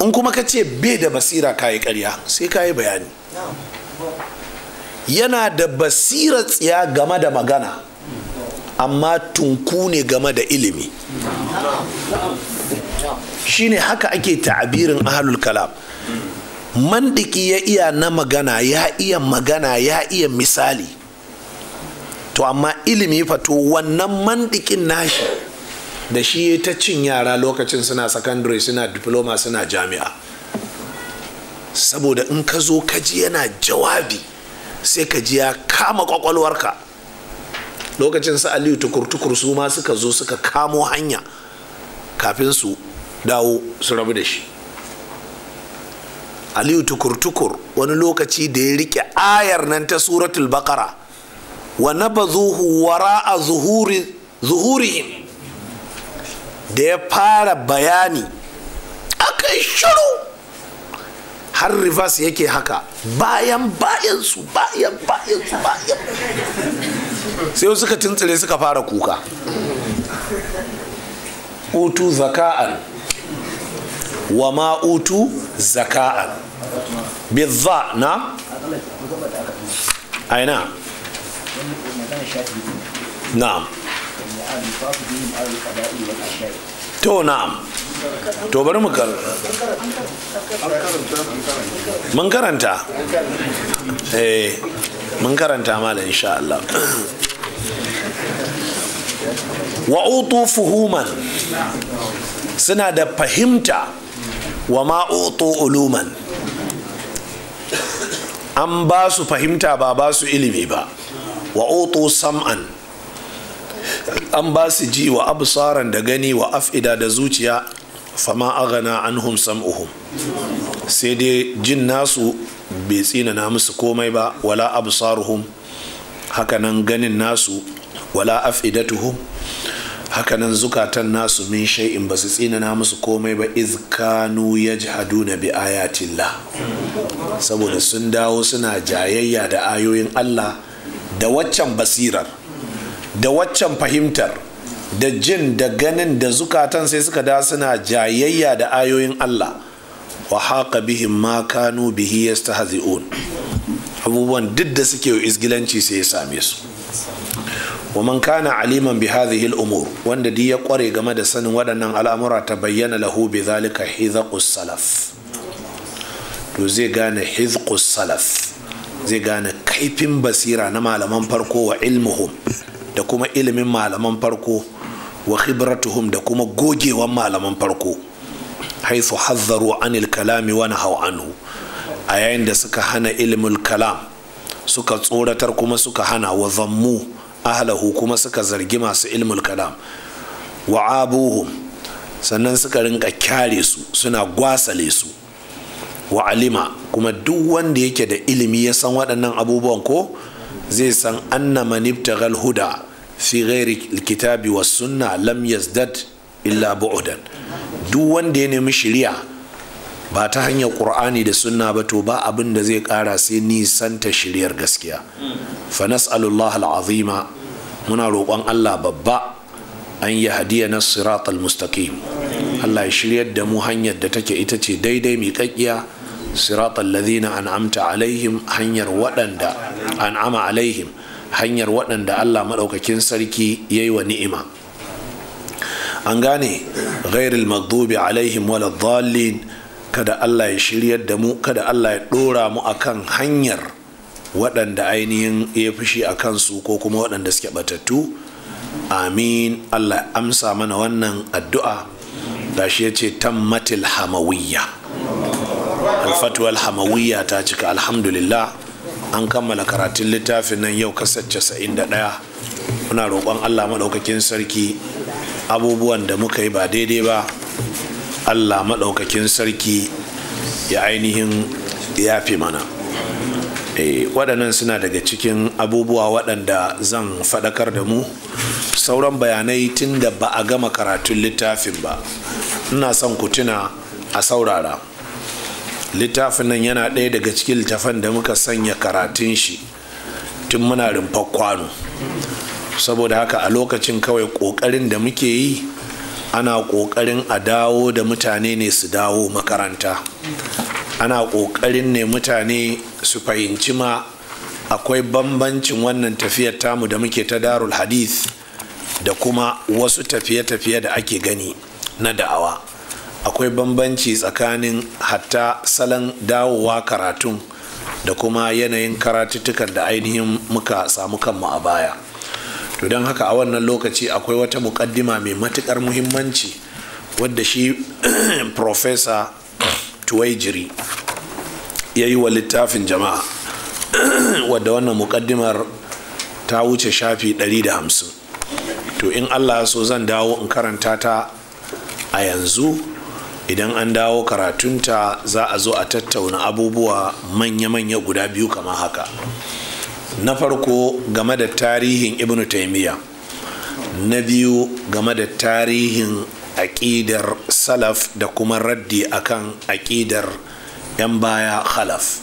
Speaker 1: in kuma ka ce bai da basira ka yi karya sai ka yi bayani yana da basira tsiya game da magana amma tunku ne game da ilimi Shi ne haka ake ta'abirin ahlul kalam mandiki ya iya na magana ya iya magana ya iya misali to amma ilimi fato wannan mandikin nashi da shi ya ta cin yara lokacin suna secondary suna diploma suna jami'a saboda in ka zo kaji yana jawabi sai ka ji ya kama kwakwalwarka lokacin su aliyu tukur-tukur su ma suka zo suka kamo hanya kafin su dawo su rabu da shi aliyu tukur-tukur wani lokaci da ya rike ayar nan ta suratul bakara wa nabazuhu wara a zuhurihim da ya fara bayani aka yi shiru har rivers yake haka bayan bayansu bayan bayansu bayan sai suka tuntsire suka fara kuka utu zaka'an wa ma utu zaka'an bizza na aina na'am to na'am to bari mu karanta eh mun Allah (clears throat) wa fuhuman suna da fahimta wa ma uluman an basu fahimta ba basu ilimi ba wa oto sam'an an ba su ji wa absaran da gani wa af'ida da zuciya fama an anhum sam'uhum sai dai jin nasu bai tsinana musu komai ba wala absaruhum hakanan ganin nasu wala af'idatuhum hakanan zukatan nasu min shay'in ba su tsinana musu komai ba iz kanu yajhaduna bi ayatillah saboda sun dawo suna jayayya da ayoyin Allah da waccan basirar da waccan fahimtar da jin da ganin da zukatan sai suka da suna jayayya da ayoyin Allah wa haka bihim ma kanu bihi yastahzi'un abubuwan duk da suke izgilanci sai ya same su wa man kana aliman bi hadhihi al-umur wanda di ya kware game da sanin waɗannan al'amura ta bayyana lahu bi zalika hizqus salaf to zai gane hizqus salaf zai gane kaifin basira na malaman farko wa ilmuhum da kuma ilimin malaman farko wa khibratuhum da kuma gogewan malaman farko haisu hazzaru anil kalami wani hau anhu a yayin da suka hana ilimin kalam suka tsoratar kuma suka hana wa zammu ahlahu kuma suka zargi masu ilmul kalam wa abuhum sannan suka rinka kyare su suna gwasale su wa alima kuma duk wanda yake da ilimi ya san waɗannan abubuwan ko zai san anna man ibtaghal huda fi ghairi alkitabi was sunna lam yazdad illa bu'dan duk wanda ya nemi shiriya ba ta hanyar qur'ani da sunna ba to ba abin da zai kara sai ta shiriyar gaskiya fa nas'alullah al'azima muna roƙon Allah babba an yi hadiya na siratal mustaqim Allah ya shiryar da mu hanyar da take ita ce daidai miƙaƙƙiya siratal ladhina an'amta alaihim hanyar waɗanda an'ama alaihim hanyar waɗanda Allah maɗaukakin sarki yayi wa ni'ima an gane ghairil maghdubi alaihim wala kada Allah ya shiryar da mu kada Allah ya ɗora mu akan hanyar waɗanda ainihin ya fushi a kansu ko kuma waɗanda suke batattu amin Allah amsa mana wannan addu'a gashi ya ce tammatil hamawiyya alfatu alhamawiyya ta cika alhamdulillah an kammala karatun littafin nan yau kasar casa'in da ɗaya muna roƙon allah maɗaukakin sarki abubuwan da muka yi ba daidai ba allah maɗaukakin sarki ya ainihin yafi mana eh, waɗannan suna daga cikin abubuwa waɗanda zan faɗakar da mu sauran bayanai tun da ba a gama karatun littafin ba ina son ku tuna a saurara littafin nan yana ɗaya daga cikin littafan da muka sanya karatun shi tun muna rumfar kwano saboda haka a lokacin kawai ƙoƙarin da muke yi ana ƙoƙarin a dawo da mutane ne su dawo makaranta ana ƙoƙarin ne mutane su fahimci ma akwai bambancin wannan tafiyar tamu da muke ta darul hadith da kuma wasu tafiye-tafiye da ake gani na da'awa akwai bambanci tsakanin hatta salon dawowa karatun da kuma yanayin karatuttukan da ainihin muka samu kanmu a baya to don haka a wannan lokaci akwai wata mukaddima mai matukar muhimmanci wadda shi (clears throat) profesa tuwaijiri ya yi wa littafin jama'a (clears throat) wadda wannan mukaddimar ta wuce shafi 150 to in allah so zan dawo in karanta ta a yanzu idan an dawo karatunta za a zo a tattauna abubuwa manya-manya guda biyu kama haka na farko game da tarihin ibn taimiyya na biyu game da tarihin aƙidar salaf da kuma raddi akan aƙidar 'yan baya khalaf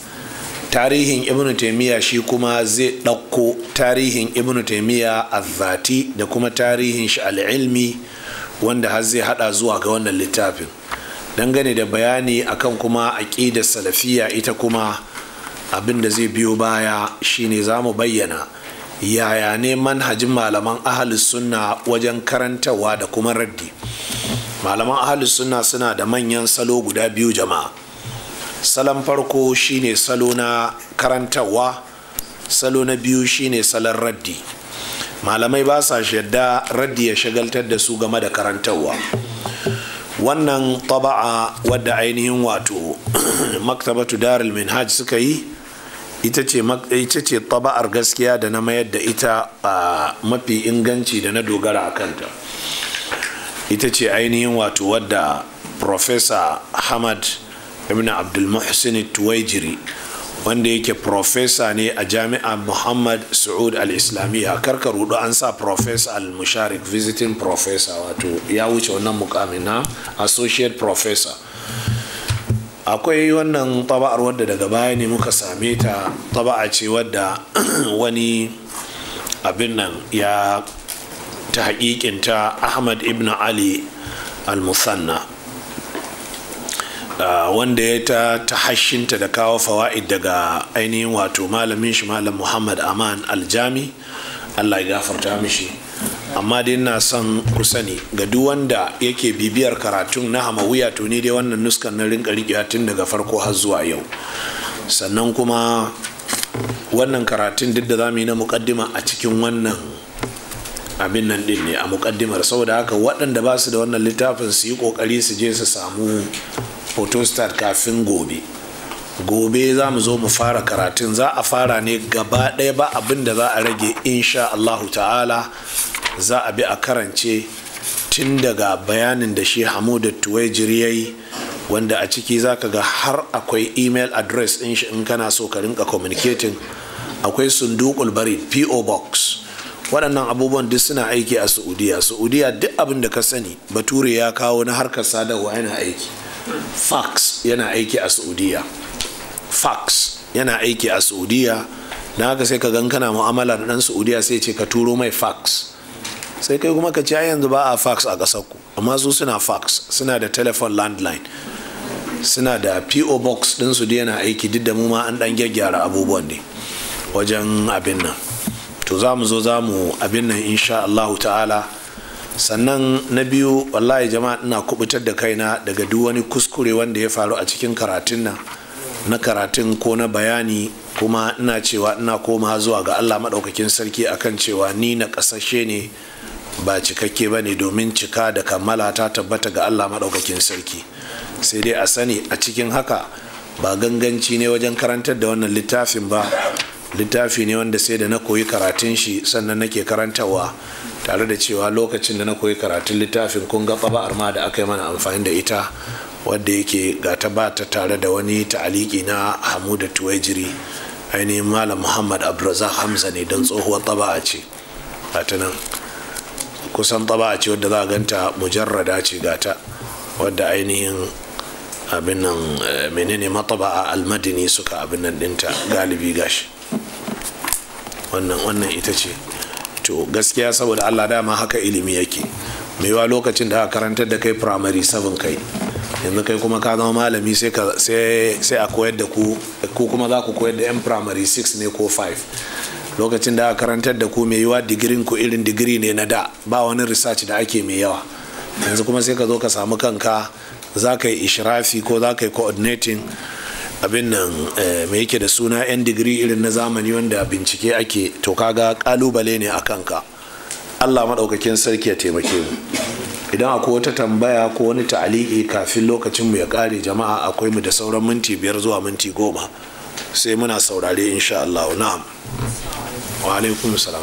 Speaker 1: tarihin ibn taimiyya shi kuma zai ɗauko tarihin ibn taimiyya zati da kuma tarihin shi al'ilmi wanda har zai hada zuwa ga wannan littafin dangane da bayani akan kuma aƙidar salafiya ita kuma abin da zai biyo baya shine za mu bayyana yaya ne manhajin malaman ahalus sunna wajen karantarwa da kuma raddi malaman ahalus sunna suna da manyan salo guda biyu jama'a salon farko shine salo na karantarwa salo na biyu shine salon raddi malamai ba sa shadda raddi ya shagaltar da su game da karantarwa wannan taba'a wadda ainihin wato (clears throat) maktabatu darul minhaj suka yi ita ce taba'ar gaskiya da na mayar da ita a mafi inganci da na dogara a kanta ita ce ainihin wato wadda professor hamad ibn abdul muhsin tuwaijiri wanda yake profesa ne a jami'a muhammad su'ud al-islamiyya karka rudu an sa professor al-musharik visiting professor wato ya wuce wannan mukamin na associate professor akwai wannan taba'ar wadda daga baya ne muka same ta taba'a ce wadda (clears throat) wani abin nan ya ta hakikinta ahmad ibn ali al-musanna Ah, wanda ya ta ta hashinta da kawo fawa'id daga ainihin wato malamin shi malam muhammad aman aljami allah ya gafarta mishi amma dai ina son ku sani ga duk wanda yake bibiyar karatun na hamawuya to ne dai wannan nuskan na rinka rikiya tun daga farko har zuwa yau sannan kuma wannan karatun duk da za mu yi na mukaddima a cikin wannan abin nan din ne a mukaddimar saboda haka waɗanda ba su da wannan littafin su yi ƙoƙari su je su samu photostat kafin gobe gobe za mu zo mu fara karatun za a fara ne gaba ɗaya ba abin da za a rage insha Allahu ta'ala za a bi a karance tun daga bayanin da shi hamuda tuwaijiri ya yi wanda a ciki za ka ga har akwai email address ɗin shi in kana so ka rinka communicating akwai sundukul bari po box waɗannan abubuwan duk suna aiki a sa'udiyya sa'udiyya duk abin da ka sani bature ya kawo na harkar sadarwa yana aiki fax yana aiki a saudiya fax yana aiki a saudiya na haka sai ka gan kana mu'amala da dan saudiya sai ce ka turo mai fax sai kai kuma ka ci yanzu ba a fax a ƙasar ku amma su suna fax suna da telephone landline suna da po box din su yana aiki duk da mu ma an dan gyaggyara abubuwan ne wajen abin nan to za mu zo za mu abin nan insha Allahu ta'ala sannan na biyu wallahi jama'a ina kubutar da kaina daga duk wani kuskure wanda ya faru a cikin karatun nan na karatun ko na bayani kuma ina cewa ina koma zuwa ga allah maɗaukakin sarki akan cewa ni na ƙasashe ne ba cikakke ba ne domin cika da kammala ta tabbata ga allah maɗaukakin sarki sai dai a sani a cikin haka ba ganganci ne wajen karantar da wannan littafin ba littafi ne wanda sai da na koyi karatun shi sannan nake karantarwa tare da cewa lokacin da na koyi karatun littafin kun ga ba ma da aka yi mana amfani da ita wadda yake ga ta ba ta tare da wani ta'aliki na hamuda tuwaijiri ainihin malam muhammad abdulrazak hamza ne don tsohuwar taba'a ce ta nan kusan taba'a ce wadda za a ganta mujarrada ce gata wadda ainihin abin nan eh, menene mataba'a almadini suka abin nan dinta galibi gashi wannan ita ce to gaskiya saboda allah dama haka ilimi yake maiwa lokacin da aka karantar da kai primary 7 kai yanzu kai kuma ka zama malami sai a koyar da ku ku kuma za ku koyar da yan primary 6 ne ko 5 lokacin da aka karantar da ku mai yiwa digirin ku irin digiri ne na da ba wani research da ake mai yawa yanzu kuma sai ka zo ka samu kanka za ka yi ishirafi ko za ka yi coordinating abin nan eh, me yake da suna 'yan digiri irin na zamani wanda bincike ake to kaga kalubale ne a kanka allah maɗaukakin sarki ya taimake mu idan akwai wata tambaya ko wani ta'aliki kafin lokacin mu ya ƙare jama'a akwai mu da sauran minti biyar zuwa minti goma sai muna saurare insha allahu na'am wa alaikum salam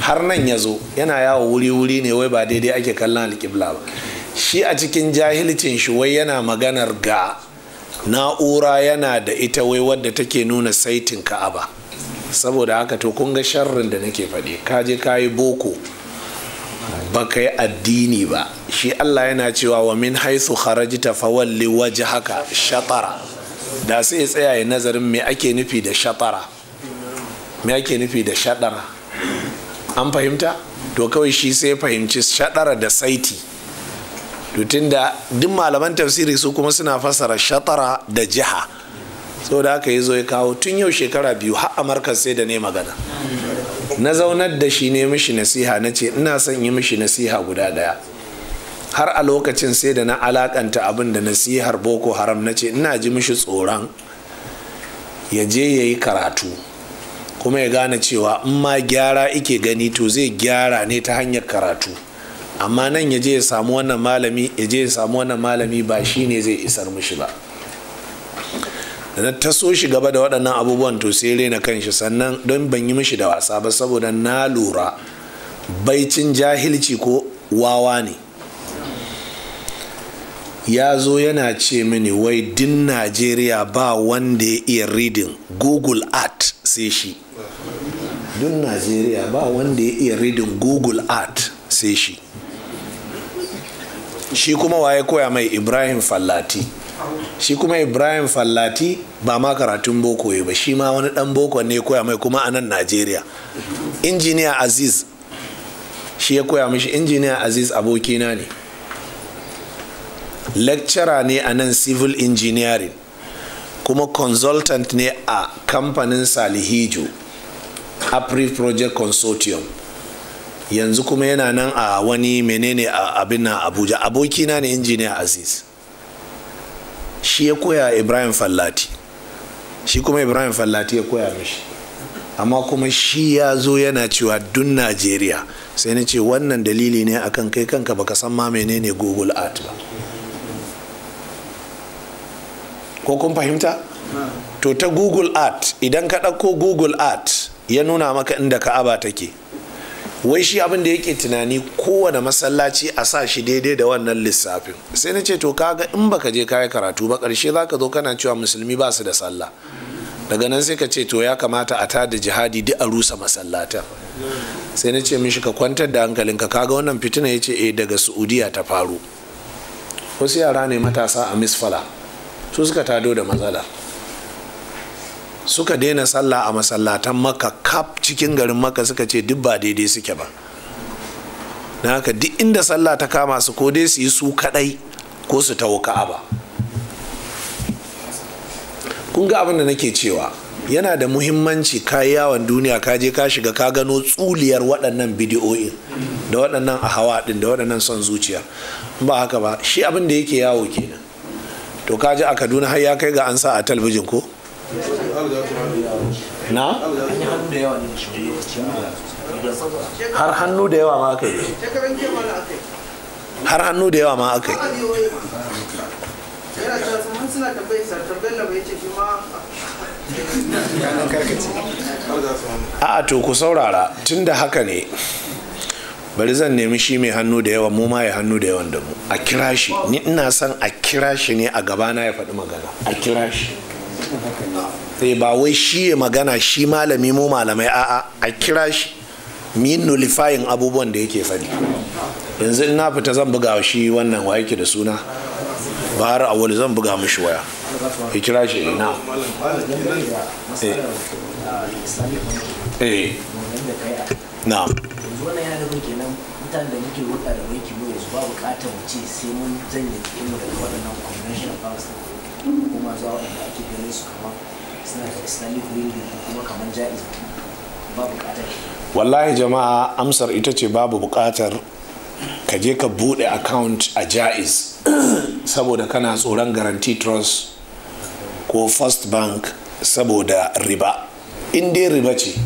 Speaker 1: har nan ya zo yana yawo wuri-wuri ne wai ba daidai ake kallon alƙibla ba shi a cikin jahilcin shi wai yana maganar ga na'ura yana da ita wai wadda take nuna saitin ka'aba saboda haka to kun ga sharrin da nake faɗi ka je ka yi boko ba ka yi addini ba shi allah yana cewa wa min haisu ta fawalli waje haka shatara da sai ya tsaya ya nazarin me ake nufi da shatara me ake nufi da shatara an fahimta to kawai shi sai fahimci shaɗara da saiti tutun da duk malaman tafsiri su kuma suna fasara shatara da jiha so da aka yi zo ya kawo tun yau shekara biyu har amurka sai da ne magana na zaunar da shi ne mishi nasiha na ce ina son yi mishi nasiha guda daya har a lokacin sai da na alakanta abin da nasihar boko haram na ce ina ji mishi tsoron ya je ya yi karatu kuma ya gane cewa in ma gyara ike gani to zai gyara ne ta hanyar karatu amma nan ya je ya samu wannan malami ya je ya samu wannan malami ba shi ne zai isar mishi ba da na taso shi gaba da waɗannan abubuwan to sai rena shi sannan don ban yi mishi da wasa ba saboda na lura baicin jahilci ko wawa ne ya zo yana ce mini wai din najeriya ba wanda ya iya reading google art sai shi din najeriya ba wanda ya iya reading google art sai shi shi kuma waye koya mai ibrahim fallati shi kuma ibrahim fallati ba ma karatun boko ba shi ma wani dan boko ne koya mai kuma a nan najeriya injiniya aziz shi ya koya mishi injiniya aziz abokina ne lecturer ne a nan civil engineering kuma consultant ne a kamfanin salihijo apri project consortium yanzu kuma yana nan a wani menene a abin na abuja abokina ne injiniya aziz shi ya koya ibrahim fallati shi kuma ibrahim fallati ya koya mishi amma kuma shi ya zo yana cewa dun najeriya sai na ce wannan dalili ne akan kai kanka baka san ma menene google art ba ko kun fahimta to ta google art idan ka ɗauko google art ya nuna maka inda ka ka'aba take wai shi abin da yake tunani kowane masallaci a sa shi daidai da wannan lissafin sai na ce to kaga in baka je kayi karatu ba ƙarshe za ka zo kana cewa musulmi ba su da sallah daga nan sai ka ce to ya kamata a tada jihadi duk a rusa masallatan sai na ce mishi ka kwantar da hankalinka kaga wannan fitina ya ce eh daga su'udiya ta faru wasu yara ne matasa a misfala su suka tado da matsala suka daina sallah a masallatan maka kaf cikin garin maka suka ce duk ba daidai suke ba na haka duk inda sallah ta kama su ko dai su yi su kadai ko su tawo ba. kun ga abin da nake cewa yana da muhimmanci ka yawon duniya ka je ka shiga ka gano tsuliyar waɗannan bidiyoyin da waɗannan a hawa ɗin da waɗannan son zuciya ba haka ba shi abin da yake yawo kenan to kaji a kaduna har ya kai ga an sa a talbijin ko na har hannu da yawa ma aka yi har hannu da yawa ma aka yi a to ku saurara tun da haka ne bari zan nemi shi mai hannu da yawa mu ma ya hannu da yawan da mu a kira shi ni ina son a kira shi ne a gaba na ya faɗi magana a kira shi sai eh, ba wai shi ya magana shi malami mu malamai a'a a kira shi mi nulifayin abubuwan da yake faɗi yanzu na fita zan buga shi wannan wa yake da suna bahar wani zan buga mishi waya ya kira shi na eh, na'am eh. na
Speaker 3: matan da muke hulɗa da mai kimo yanzu ba bukatar mu ce sai mun janye mu daga waɗannan conventional banks kuma a da ake ganin su kama suna da islamic lending kuma kamar ja'iz ba bukatar
Speaker 1: wallahi jama'a amsar ita ce babu bukatar ka je ka buɗe account a ja'iz saboda kana tsoron guarantee trust ko first bank saboda riba in dai riba ce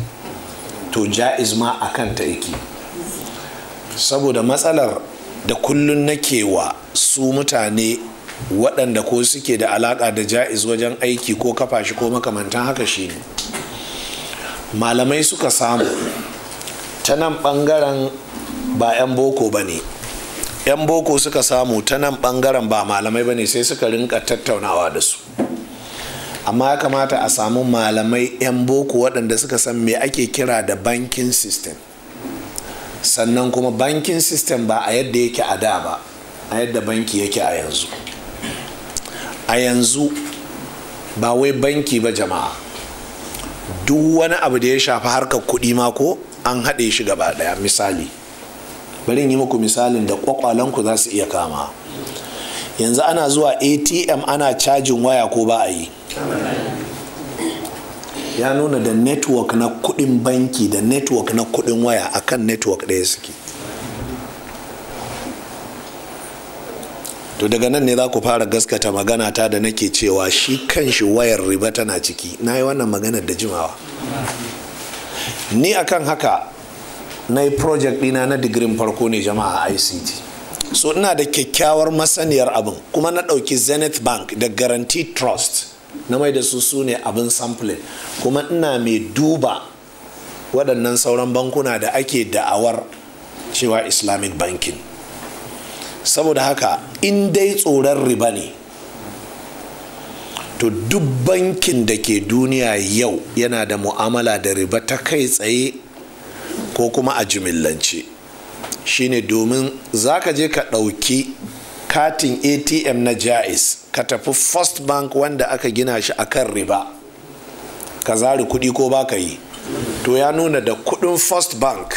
Speaker 1: to ja'iz ma a kanta yake saboda matsalar da kullun nake wa su mutane waɗanda ko suke da alaƙa da ja'iz wajen aiki ko kafa shi ko makamantan haka shi ne malamai suka samu ta nan ɓangaren ba 'yan boko ba ne 'yan boko suka samu ta nan ɓangaren ba malamai ba ne sai suka rinka tattaunawa da su amma ya kamata a samu malamai 'yan boko waɗanda suka san me ake kira da banking system sannan kuma bankin system ba a yadda yake a da ba a yadda banki yake a yanzu a yanzu ba wai banki ba jama'a duk wani abu da ya shafi harkar kuɗi ma ko an haɗe shi gaba ɗaya misali bari yi muku misalin da ƙwaƙwalanku za su iya kama yanzu ana zuwa atm ana cajin waya ko ba a yi ya nuna da network na kudin banki da network na kudin waya a kan network ɗaya suke to daga nan ne za ku fara gaskata magana ta da nake cewa shi kan shi wayar riba tana ciki na yi wannan maganar da jimawa ni akan haka na yi project ɗina na digirin farko ne jama'a ict so ina da kyakkyawar masaniyar abin kuma na ɗauki zenith bank da guarantee trust na mai da su su ne abin sampling kuma ina mai duba waɗannan sauran bankuna da ake da'awar cewa islamic banking saboda haka in dai tsoron riba ne to duk bankin da ke duniya yau yana da mu'amala da riba ta kai tsaye ko kuma a jimillance shine domin za ka je ka ɗauki katin atm na jais ka tafi first bank wanda aka gina shi a kan riba ka zari kudi ko baka yi to ya nuna da kudin first bank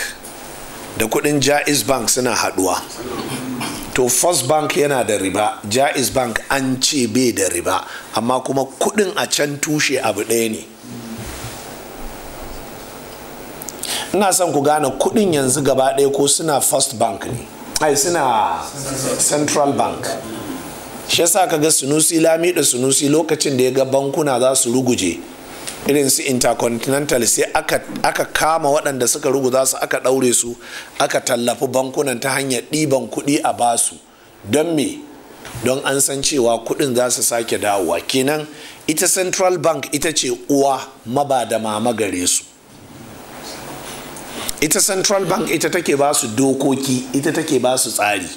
Speaker 1: da kudin jais bank suna haduwa to first bank yana da riba jais bank an ce bai da riba amma kuma kudin a can tushe abu ɗaya ne ina son ku gane kudin yanzu gaba ɗaya ko suna first bank ne ai suna central bank shi ka ga sunusi lami da sunusi lokacin da ya ga bankuna za su ruguje irin su intercontinental sai aka, kama waɗanda suka ruguza su aka ɗaure su aka tallafi bankunan ta hanyar ɗiban kuɗi a basu don me don an san cewa kuɗin za su sake dawowa kenan ita central bank ita ce uwa maba da mama gare su ita central bank ita take ba su dokoki ita take ba su tsari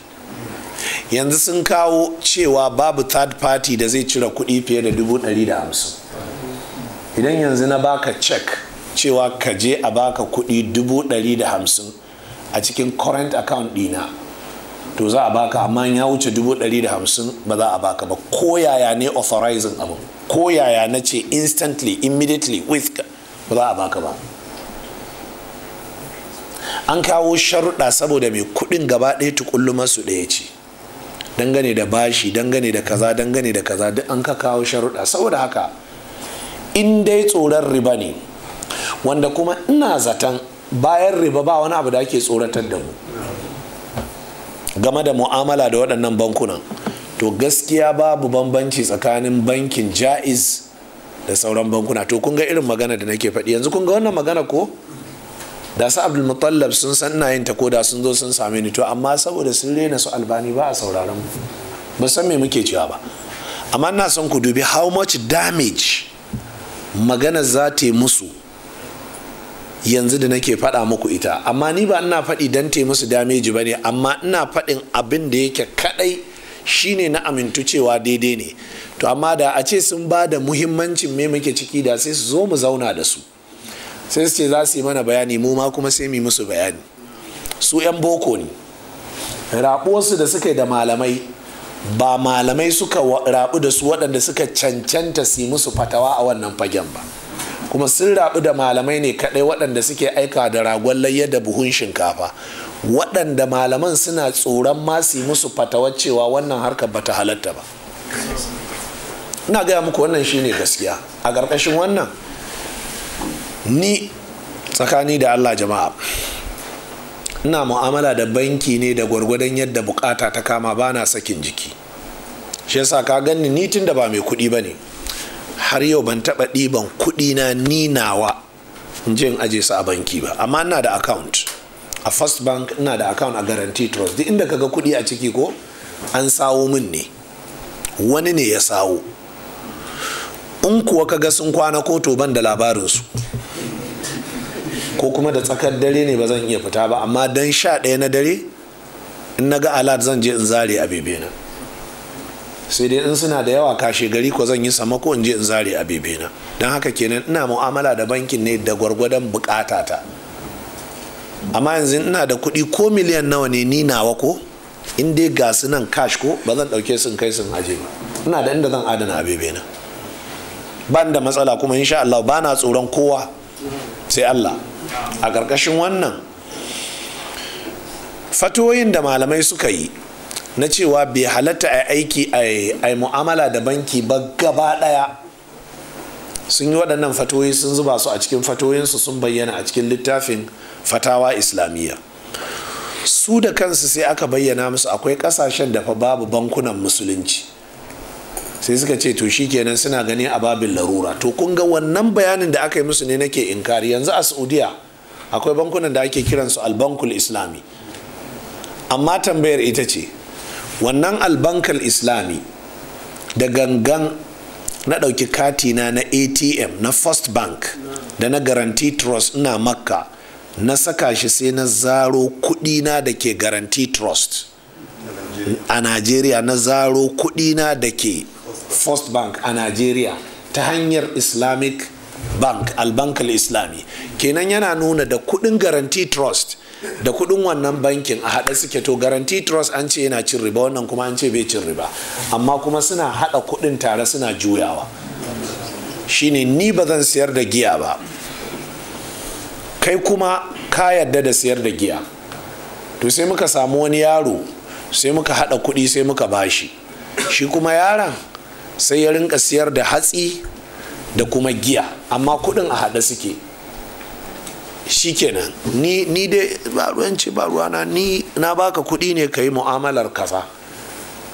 Speaker 1: yanzu sun kawo cewa babu third party da zai cire kudi fiye da 150 idan yanzu na baka check cewa ka je a baka kudi 150 a cikin current account dina to za a baka amma ya wuce 150 ba za a baka ba ko yaya ne authorizing abu ko yaya na ce instantly immediately with ba za a baka ba an kawo sharuɗa saboda mai kuɗin gaba ɗaya tukullu su ɗaya ce dangane da bashi dangane da kaza dangane da kaza duk an ka kawo sharuɗa saboda haka in dai tsoron riba ne wanda kuma ina zaton bayan riba ba wani abu da ake tsoratar da mu game da mu'amala da waɗannan bankunan to gaskiya babu bambanci tsakanin bankin ja'iz da sauran bankuna to kun ga irin magana da nake faɗi yanzu kun ga wannan magana ko da su mutallab sun san na yin ta ko da sun zo sun same ni to amma saboda sun rena su albani ba a sauraron mu ba san me muke cewa ba amma na son ku dubi how much damage magana za ta musu yanzu da nake faɗa muku ita amma ni ba ina faɗi dan ta musu damage ba ne amma ina faɗin abin da yake kaɗai shine na amintu cewa daidai ne to amma da a ce sun ba da muhimmancin me muke ciki da sai su zo mu zauna da su sai su ce za su yi mana bayani mu ma kuma sai mu yi musu bayani su 'yan boko ne su da suka yi da malamai ba malamai suka rabu da su waɗanda suka cancanta su yi musu fatawa a wannan fagen ba kuma sun raɓu da malamai ne kaɗai waɗanda suke aika da ragon layya da buhun shinkafa waɗanda malaman suna tsoron ma su yi musu fatawa cewa wannan harkar bata halatta ba ina gaya muku wannan shine gaskiya a ƙarƙashin wannan ni tsakani da allah jama'a ina mu'amala da banki ne da gwargwadon yadda bukata ta kama ba na sakin jiki shi yasa ka ganni ni tun da ba mai kuɗi ba ne har yau ban taɓa ɗiban kuɗi na ninawa, nawa in in aje su a banki ba amma ina da account a first bank ina da account a guarantee trust duk inda kaga kuɗi a ciki ko an sawo min ne wani ne ya sawo in kuwa kaga sun kwana ko to ban da labarinsu ko kuma da tsakar dare ne ba zan iya fita ba amma dan sha ɗaya na dare in na ga alat zan je in zare a bebe na sai dai in suna da yawa kashe gari ko zan yi sama ko in je in zare a bebe na don haka kenan ina mu'amala da bankin ne da gwargwadon bukata ta amma yanzu ina da kuɗi ko miliyan nawa ne ni nawa ko in dai ga su nan kash ko ba zan ɗauke sun kai sun aje ba ina da inda zan adana a bebe na ban da matsala kuma insha Allah ba na tsoron kowa sai Allah a ƙarƙashin wannan fatoyin da malamai suka yi na cewa bai halatta a aiki a mu'amala da banki ba gaba ɗaya sun yi waɗannan fatoyi sun zuba su a cikin fatoyinsu sun bayyana a cikin littafin fatawa islamiyya su da kansu sai aka bayyana musu akwai ƙasashen da fa babu bankunan musulunci sai suka ce to shi shikenan suna gani a babin larura to kun ga wannan bayanin da aka yi musu ne nake inkari yanzu a saudiya akwai bankunan da ake kiransu albankul islami amma tambayar ita ce wannan albankal islami da gangan na ɗauki katina na atm na first bank da na guarantee trust ina makka na saka shi sai na zaro kudina da ke guarantee trust a nigeria na zaro kudina da ke first bank a nigeria ta hanyar islamic bank albank islami kenan yana nuna da kudin guarantee trust da kudin wannan bankin a haɗa suke to guarantee trust an ce yana cin riba wannan kuma an ce bai cin riba amma kuma suna haɗa kudin tare suna juyawa shine ni ba zan siyar da giya ba kai kuma ka yadda da siyar da giya to sai muka samu wani yaro sai muka haɗa kuɗi sai muka bashi shi kuma yaron sai ya rinka siyar da hatsi da kuma giya amma kudin a haɗe suke shi ni ni dai ba ruwanci ba ruwana ni na baka kudi ne ka yi mu'amalar kasa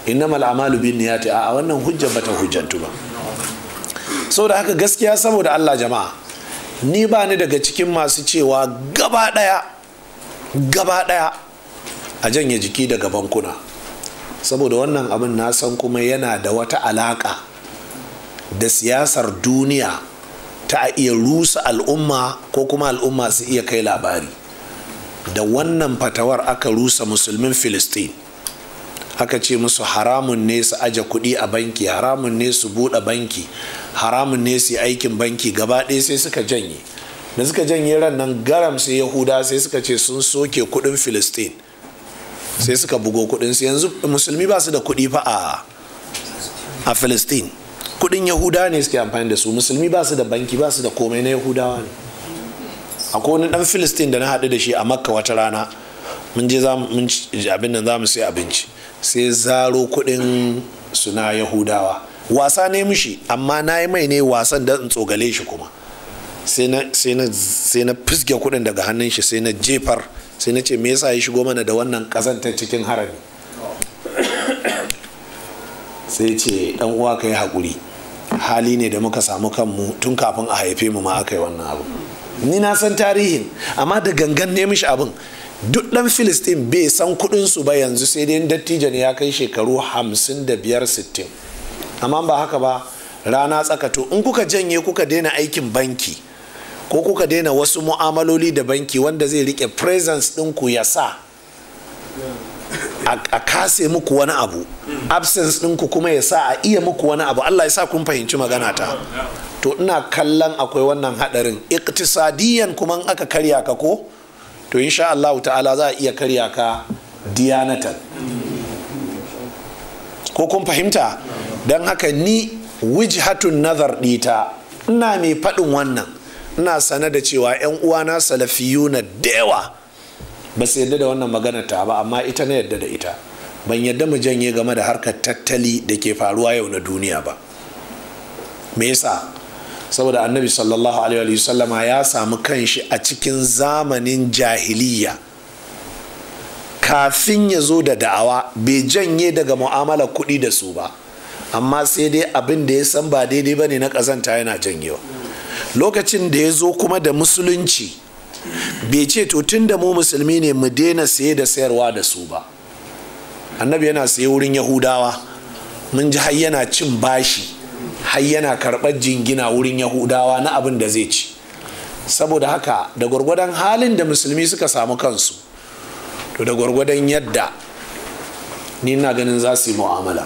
Speaker 1: innamal amalu bin niyati a wannan hujja ta hujjantu ba saboda haka gaskiya saboda Allah jama'a ni ba ni daga cikin masu cewa gaba daya gaba daya a janye jiki daga bankuna saboda wannan abin na san kuma yana da wata alaka da siyasar duniya ta iya rusa al'umma ko kuma al'umma su iya kai labari da wannan fatawar aka rusa musulmin filistin aka ce musu haramun ne su aje kuɗi a banki haramun ne su buɗe banki haramun ne su aikin banki gaba ɗaya sai suka janye da suka janye ran nan garam sai yahuda sai suka ce sun soke kuɗin filistin sai suka bugo kuɗin su yanzu musulmi ba su da kuɗi fa a filistin kudin yahuda ne suke amfani da su musulmi ba su da banki ba su da komai na yahudawa ne akwai wani dan filistin da na haɗu da shi a makka wata rana mun je abin nan za mu sai abinci sai zaro kudin su na yahudawa wasa ne mushi amma na yi mai ne wasan da tsogale shi kuma sai na fisge kudin daga hannun shi sai na jefar sai na ce me yasa ya shigo mana da wannan kazanta cikin harami (coughs) sai ce dan uwa ka yi haƙuri hali ne da muka samu kanmu tun kafin a haife mu ma aka yi wannan abu ni na san tarihin amma da gangan ne mishi abin duk dan filistin bai san kudin su ba yanzu sai dai dattijo ne ya kai shekaru hamsin da biyar sittin amma ba haka ba rana tsakato in kuka janye kuka daina aikin banki ko kuka daina wasu mu'amaloli da banki wanda zai rike presence ɗinku ya sa a kase muku wani abu absence ɗinku kuma ya sa a iya muku wani abu Allah ya sa kun fahimci magana ta to ina kallon akwai wannan haɗarin iktisadiyan kuma aka karya ka ko to insha Allah ta'ala za a iya karya ka diyanatan ko kun fahimta don haka ni wiji wijhatun nazar ɗita ina mai faɗin wannan ina sane da cewa 'yan uwana salafiyuna da yawa ba su yadda da wannan magana ta ba amma ita na yadda da ita ban yadda mu janye game da harkar tattali da ke faruwa yau na duniya ba me yasa saboda annabi sallallahu alaihi wasallama ya samu kanshi a cikin zamanin jahiliya kafin ya zo da da'awa bai janye daga mu'amala kuɗi da su ba amma sai dai abin da ya san ba daidai ba ne na ƙazanta yana janyewa lokacin da ya zo kuma da musulunci bai ce to tun da mu musulmi ne mu daina saye da sayarwa da su ba annabi yana saye wurin yahudawa mun ji har yana cin bashi har yana karɓar jingina wurin yahudawa na abin da zai ci saboda haka da gwargwadon halin da musulmi suka samu kansu to da gwargwadon yadda ni na ganin za su yi mu'amala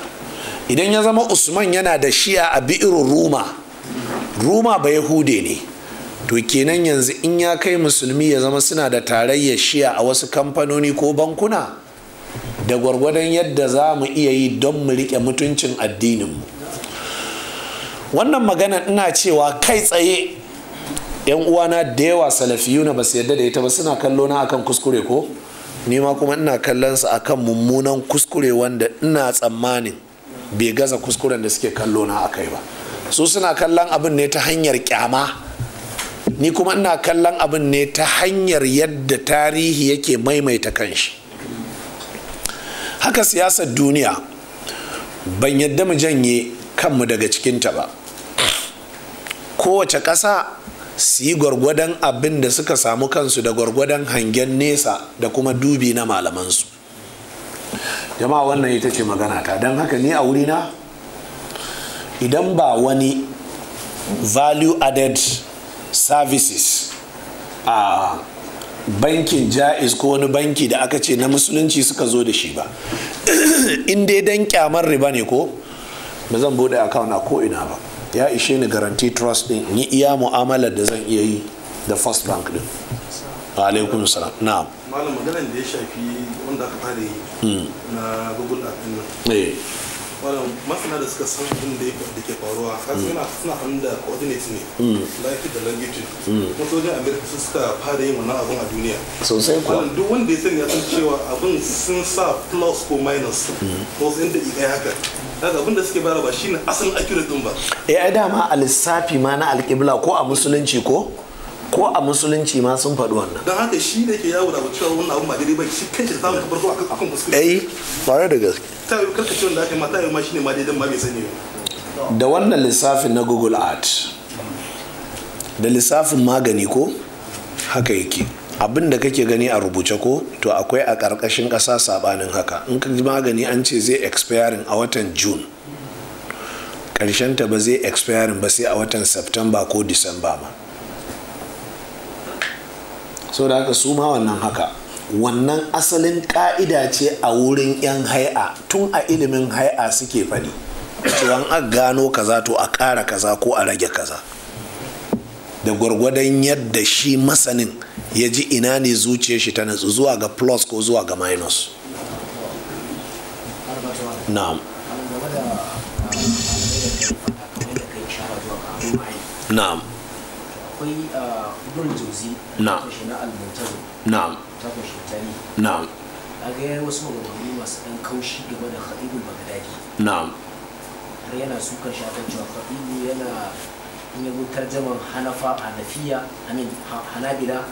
Speaker 1: idan ya zama usman yana da shi'a a bi'irin ruma ruma ba yahude ne to kenan yanzu in ya kai musulmi ya zama suna da tarayyar shiya a wasu kamfanoni ko bankuna da gwargwadon yadda za mu iya yi don mu riƙe mutuncin addininmu wannan magana ina cewa kai tsaye yan uwana da yawa salafiyuna ba su yadda da ita ba suna kallo na akan kuskure ko ni ma kuma ina kallon su akan mummunan kuskure wanda ina tsammanin bai gaza kuskuren da suke kallo na akai ba su suna kallon abin ne ta hanyar kyama ni kuma ina kallon abin ne ta hanyar yadda tarihi yake maimaita kanshi haka siyasar duniya ban yadda mu janye kanmu daga cikinta ba kowace ƙasa su gwargwadon abin da suka samu kansu da gwargwadon hangen nesa da kuma dubi na malamansu jama'a wannan ita ce magana ta don haka ni a wurina idan ba wani value added services a bankin ja'iz ko wani banki da aka ce na musulunci suka zo da shi ba (clears throat) in dai dan kyamar riba ne ko ba zan bude account a ko ina ba ya ishe ni guarantee trust din ni iya mu'amalar da zan iya yi da first bank din alaikum salam na'am malam maganar da ya shafi wanda aka fara yi hmm. na google app wannan masana da suka san abin da ke faruwa kasu yana suna hannun da coordinate ne da hmm. language hmm. kuma sojin america su suka fara yin wannan abin a duniya sosai kuwa duk wanda ya sani ya san cewa abin sun sa plus ko minus ko hmm. sun da iya haka kaga abin da suke bara ba shine asalin accurate din ba eh ai dama a lissafi ma na alƙibla ko a musulunci ko ko a musulunci ma sun faɗi wannan don haka shi da ke yawo da cewa wannan abun ba daidai ba shi kanshi samun ta farko akan musulunci eh bare da gaske ta yi karkacewar da aka yi mata yi ma shine ma daidai ma bai sani ba da wannan lissafin na google art da lissafin magani ko haka yake abin da kake gani a rubuce ko to akwai a ƙarƙashin ƙasa sabanin haka in ka ji magani an ce zai expiring a watan june ƙarshen ta ba zai expiring ba sai a watan september ko december ba saboda haka su ma wannan haka wannan asalin ka'ida ce a wurin 'yan hai'a tun a ilimin hai'a suke faɗi cewa a gano kaza to a ƙara kaza ko a rage kaza da gwargwadon yadda shi masanin ya ji ina ne zuciyar shi ta natsu zuwa ga plus ko zuwa ga minus na'am na'am
Speaker 3: akwai ah, ibn jauzi na na al-muntazim na ta kushitani na a ga wasu maganganu masu ɗan kaushi game da khatibul bagdadi na har yana sukan shafin cewa khatibu yana in yabo tarjaman hanafa hanafiya amin hanabila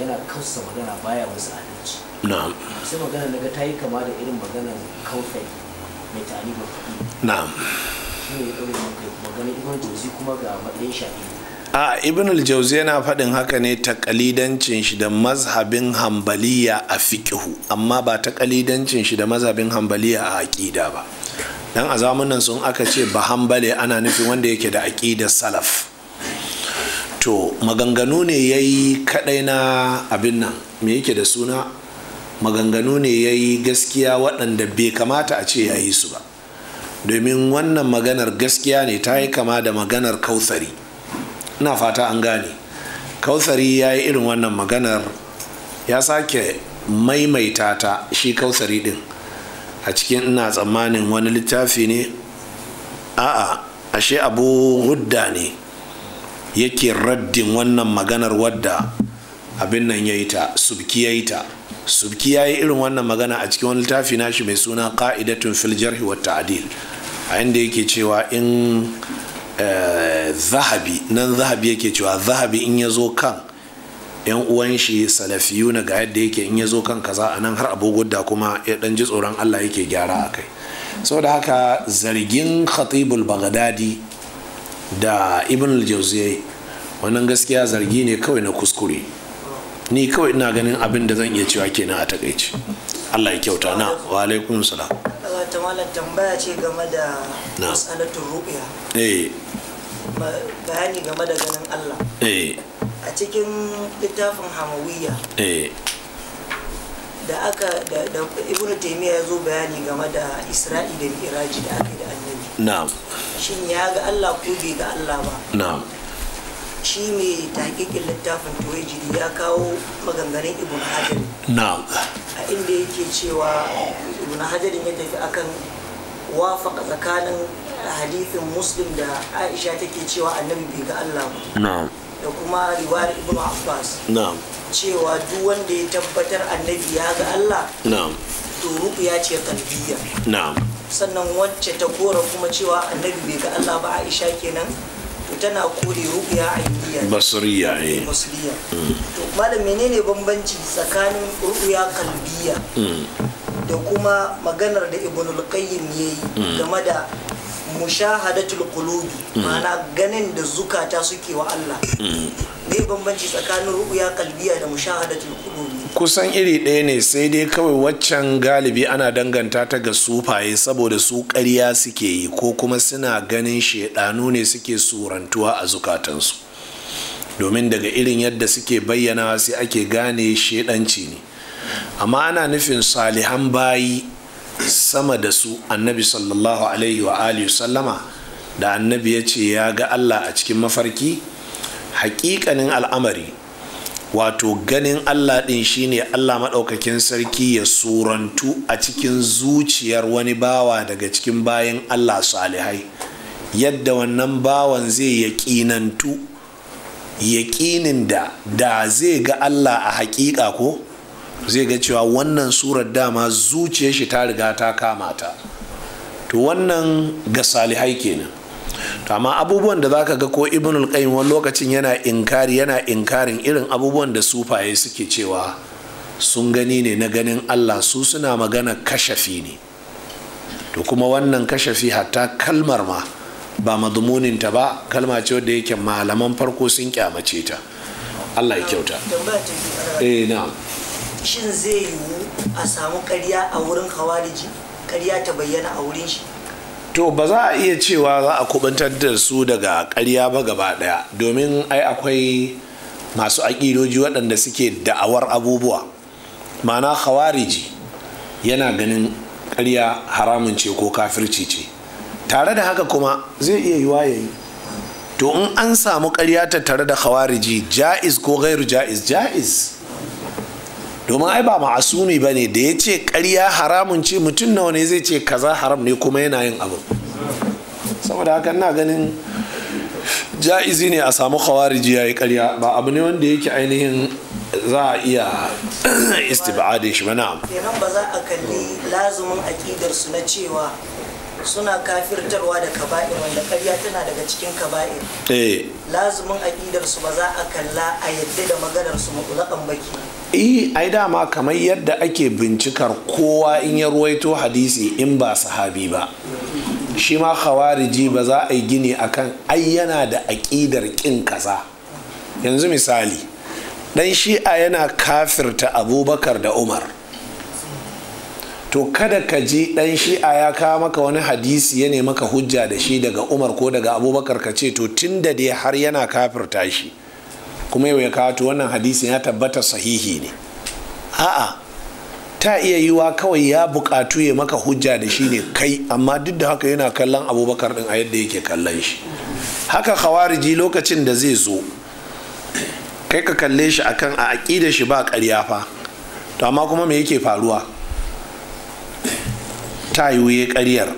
Speaker 3: yana kausa magana baya wasu adalci Na. sai magana daga ta yi kama da irin maganar kaufai mai talibin ba Na. shi ne ya ɗaure maka magana ibn jauzi kuma ga matsayin shafi'i
Speaker 1: a ibn al yana faɗin haka ne ta kalidancin shi da mazhabin hambaliya a fiƙihu amma ba ta kalidancin shi da mazhabin hambaliya a aƙida ba dan a zamanin sun aka ce ba hambale ana nufin wanda yake da aƙida salaf to maganganu ne ya yi kaɗai na abin nan me yake da suna maganganu ne ya yi gaskiya waɗanda bai kamata a ce ya yi su ba domin wannan maganar gaskiya ne ta yi kama da maganar kautsari ina fata an gane kautsari ya yi irin wannan maganar ya sake maimaita ta shi kautsari din a cikin ina tsammanin wani littafi ne a'a ashe abu hudda ne yake raddin wannan maganar wadda abin nan ya yi ta subki ya yi ta subki ya yi irin wannan magana a cikin wani littafi nashi mai suna ka'idatun fil jarhi wa ta'dil a inda yake cewa in zahabi nan zahabi yake cewa zahabi in ya zo kan yan uwan shi salafiyu na ga yadda yake in ya zo kan kaza a nan har da kuma ya dan ji tsoron allah yake gyara a kai saboda haka zargin khatibul bagdadi da ibn al-jawziyai wannan gaskiya zargi ne kawai na kuskure ni kawai ina ganin abin da zan iya cewa kenan a takaici allah ya kyauta na wa
Speaker 3: ta tambaya ce game da matsalatin ruɓiya eh. bayani game da ganin Allah eh. a cikin littafin hamawiya eh. da aka da ibnu Taimiyya ya zo bayani game da isra'i da miraji da aka yi da annabi shin ya ga Allah ko bai ga Allah ba shi mai takikin littafin tuwejiri ya kawo maganganun ibn hajar a inda yake cewa ibn hajar ya tafi akan wafaka tsakanin hadithin muslim da aisha take cewa annabi bai ga allah ba da kuma riwayar ibn abbas cewa duk wanda ya tabbatar annabi ya ga allah to ruɓiya ce kalbiya sannan wacce ta kora kuma cewa annabi bai ga allah ba aisha kenan tana kore ruqya a indiya. eh
Speaker 1: basriya
Speaker 3: to malam menene bambanci tsakanin ruqya kalbiya mm. da kuma maganar da ibnul qayyim yayi mm. game da mushahadatul qulubi mm. ma'ana ganin da zukata suke wa Allah me bambanci tsakanin ruqya kalbiya da mushahadatul qulubi
Speaker 1: kusan iri ɗaya ne sai dai kawai waccan galibi ana danganta ta ga sufaye saboda su ƙarya suke yi ko kuma suna ganin shaidanu ne suke surantuwa a zukatansu domin daga irin yadda suke bayyana sai ake gane shaidanci ne amma ana nufin salihan bayi sama da su annabi sallallahu alaihi wa alihi sallama da annabi ya ce ya ga allah a cikin mafarki Haƙiƙanin al'amari wato ganin allah ɗin shine allah maɗaukakin sarki ya surantu a cikin zuciyar wani bawa daga cikin bayan allah salihai yadda wannan bawan zai yaƙinantu yaƙinin da da zai ga allah a haƙiƙa ko zai ga cewa wannan surar dama zuciyar shi ta riga ta kama ta to wannan ga salihai kenan to amma abubuwan da zaka ga ko ibnul qayyim wani lokacin yana inkari yana inkarin irin abubuwan da sufaye suke cewa sun gani ne na ganin Allah su suna magana kashafi ne to kuma wannan kashafi hatta kalmar ma ba madumunin ta ba kalma ce wadda yake malaman farko sun kyamace ta Allah ya kyauta eh na'am
Speaker 3: shin zai yiwu a samu karya a wurin kawariji karya ta bayyana a wurin shi
Speaker 1: to ba za a iya cewa za a kubantar da su daga karya ba gaba ɗaya domin ai akwai masu aƙidoji waɗanda suke da'awar abubuwa Mana khawariji yana ganin karya haramun ce ko kafirci ce tare da haka kuma zai iya yiwa yayi to in an samu karya ta tare da khawariji ja'iz ko gairu ja'iz ja'iz domin ai ba ma'asumi ba ne da ya ce karya haramun ce mutum nawa ne zai ce kaza haram ne kuma yana yin abu saboda haka na ganin ja'izi ne a samu khawariji ya yi karya ba abu ne wanda yake ainihin za a iya (clears throat) istibadin shi ba na
Speaker 3: ba za a kalli lazumin akidar na cewa suna kafirtarwa da kaba'ir wanda karya tana daga cikin kaba'ir eh. lazumin aƙidarsu ba za a kalla a yadda da maganarsu su baki
Speaker 1: eh ai dama kamar yadda ake bincikar kowa in ya ruwaito hadisi in ba sahabi ba shi ma khawariji ba za a yi gini akan ai yana da aƙidar ƙin kaza yanzu misali ɗan shi'a yana kafirta abubakar da umar to kada ka ji dan shi'a ya kawo maka wani hadisi ya ne maka hujja da shi daga umar ko daga abubakar ka ce to tun da dai har yana kafirta shi kuma yau ya kawo to wannan hadisi ya tabbata sahihi ne a'a ta iya yiwa kawai ya bukatu ya maka hujja da shi ne kai amma duk da haka yana kallon abubakar din a yadda yake kallon shi haka khawariji lokacin da zai zo kai ka kalle shi akan a aƙida shi ba ƙarya fa to amma kuma me yake faruwa ta wuye ƙaryar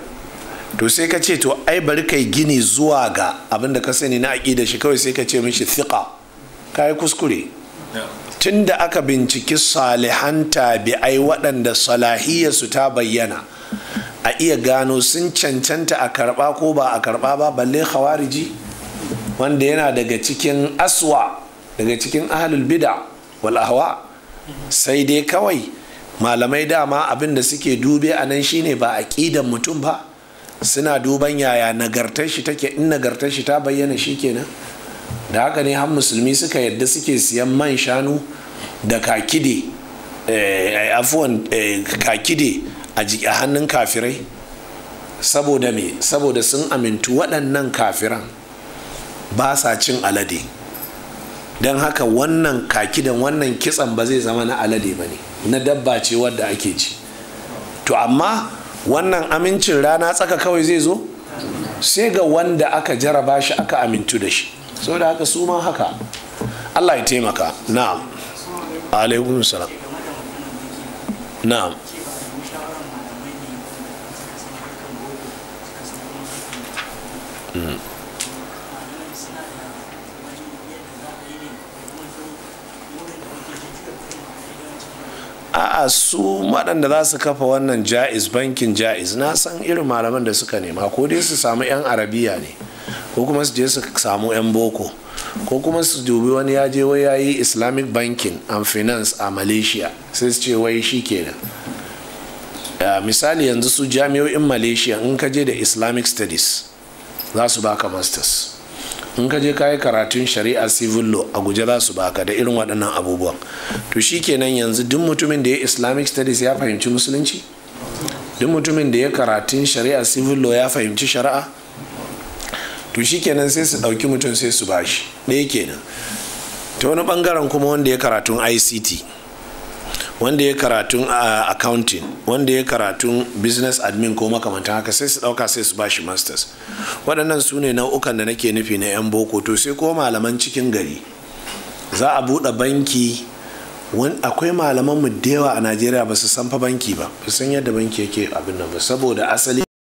Speaker 1: to sai ka ce to ai bari kai gini zuwa ga abin da ka sani na aƙida shi kawai sai ka ce mishi thiqa ka yi kuskure tun da aka binciki salihan ai waɗanda salahiyarsu ta bayyana a iya gano sun cancanta a karɓa ko ba a karɓa ba balle khawariji wanda yana daga cikin aswa daga cikin ahlul bida wal sai dai kawai malamai dama abin da suke dube a nan shine ba kidan mutum ba suna duban yaya nagartar shi take in nagartar shi ta bayyana shi kenan da haka ne har musulmi suka yadda suke siyan man shanu da kakide eh, eh, afuwan eh, kakide a hannun kafirai saboda me saboda sun amintu waɗannan kafiran ba sa cin alade don haka wannan kakidan wannan kitsan ba zai zama na alade ba ne na dabba ce wadda ake ci to amma wannan amincin rana tsaka kawai zai zo sai ga wanda aka jaraba shi aka amintu da shi da haka su ma haka allah ya taimaka na'am alaikun salam na'am mm. a'a su waɗanda za su kafa wannan ja'iz bankin ja'iz na san irin malaman da suka nema ko dai su samu 'yan arabiya ne ko kuma su je su samu 'yan boko ko kuma su dubi wani ya je wai yayi islamic banking and finance a malaysia sai su ce wai shi kenan misali yanzu su jami'o'in malaysia in ka je da islamic studies za su baka masters in ka je ka yi karatun shari'a civil law a guje za su baka da irin waɗannan abubuwan to shikenan yanzu duk mutumin da ya islamic studies ya fahimci musulunci duk mutumin da ya karatun shari'a civil law ya fahimci shari'a to shikenan sai su ɗauki mutum sai su bashi ɗaya kenan ta wani ɓangaren kuma wanda ya karatun ict wanda ya karatun accounting wanda ya karatun business admin ko makamantan haka sai su dauka sai su bashi masters waɗannan su ne nau'ukan da nake nufi na 'yan boko to sai ko malaman cikin gari za a buɗe banki akwai malaman mu da yawa a najeriya ba su san fa banki ba ba san yadda banki yake abin nan ba saboda asali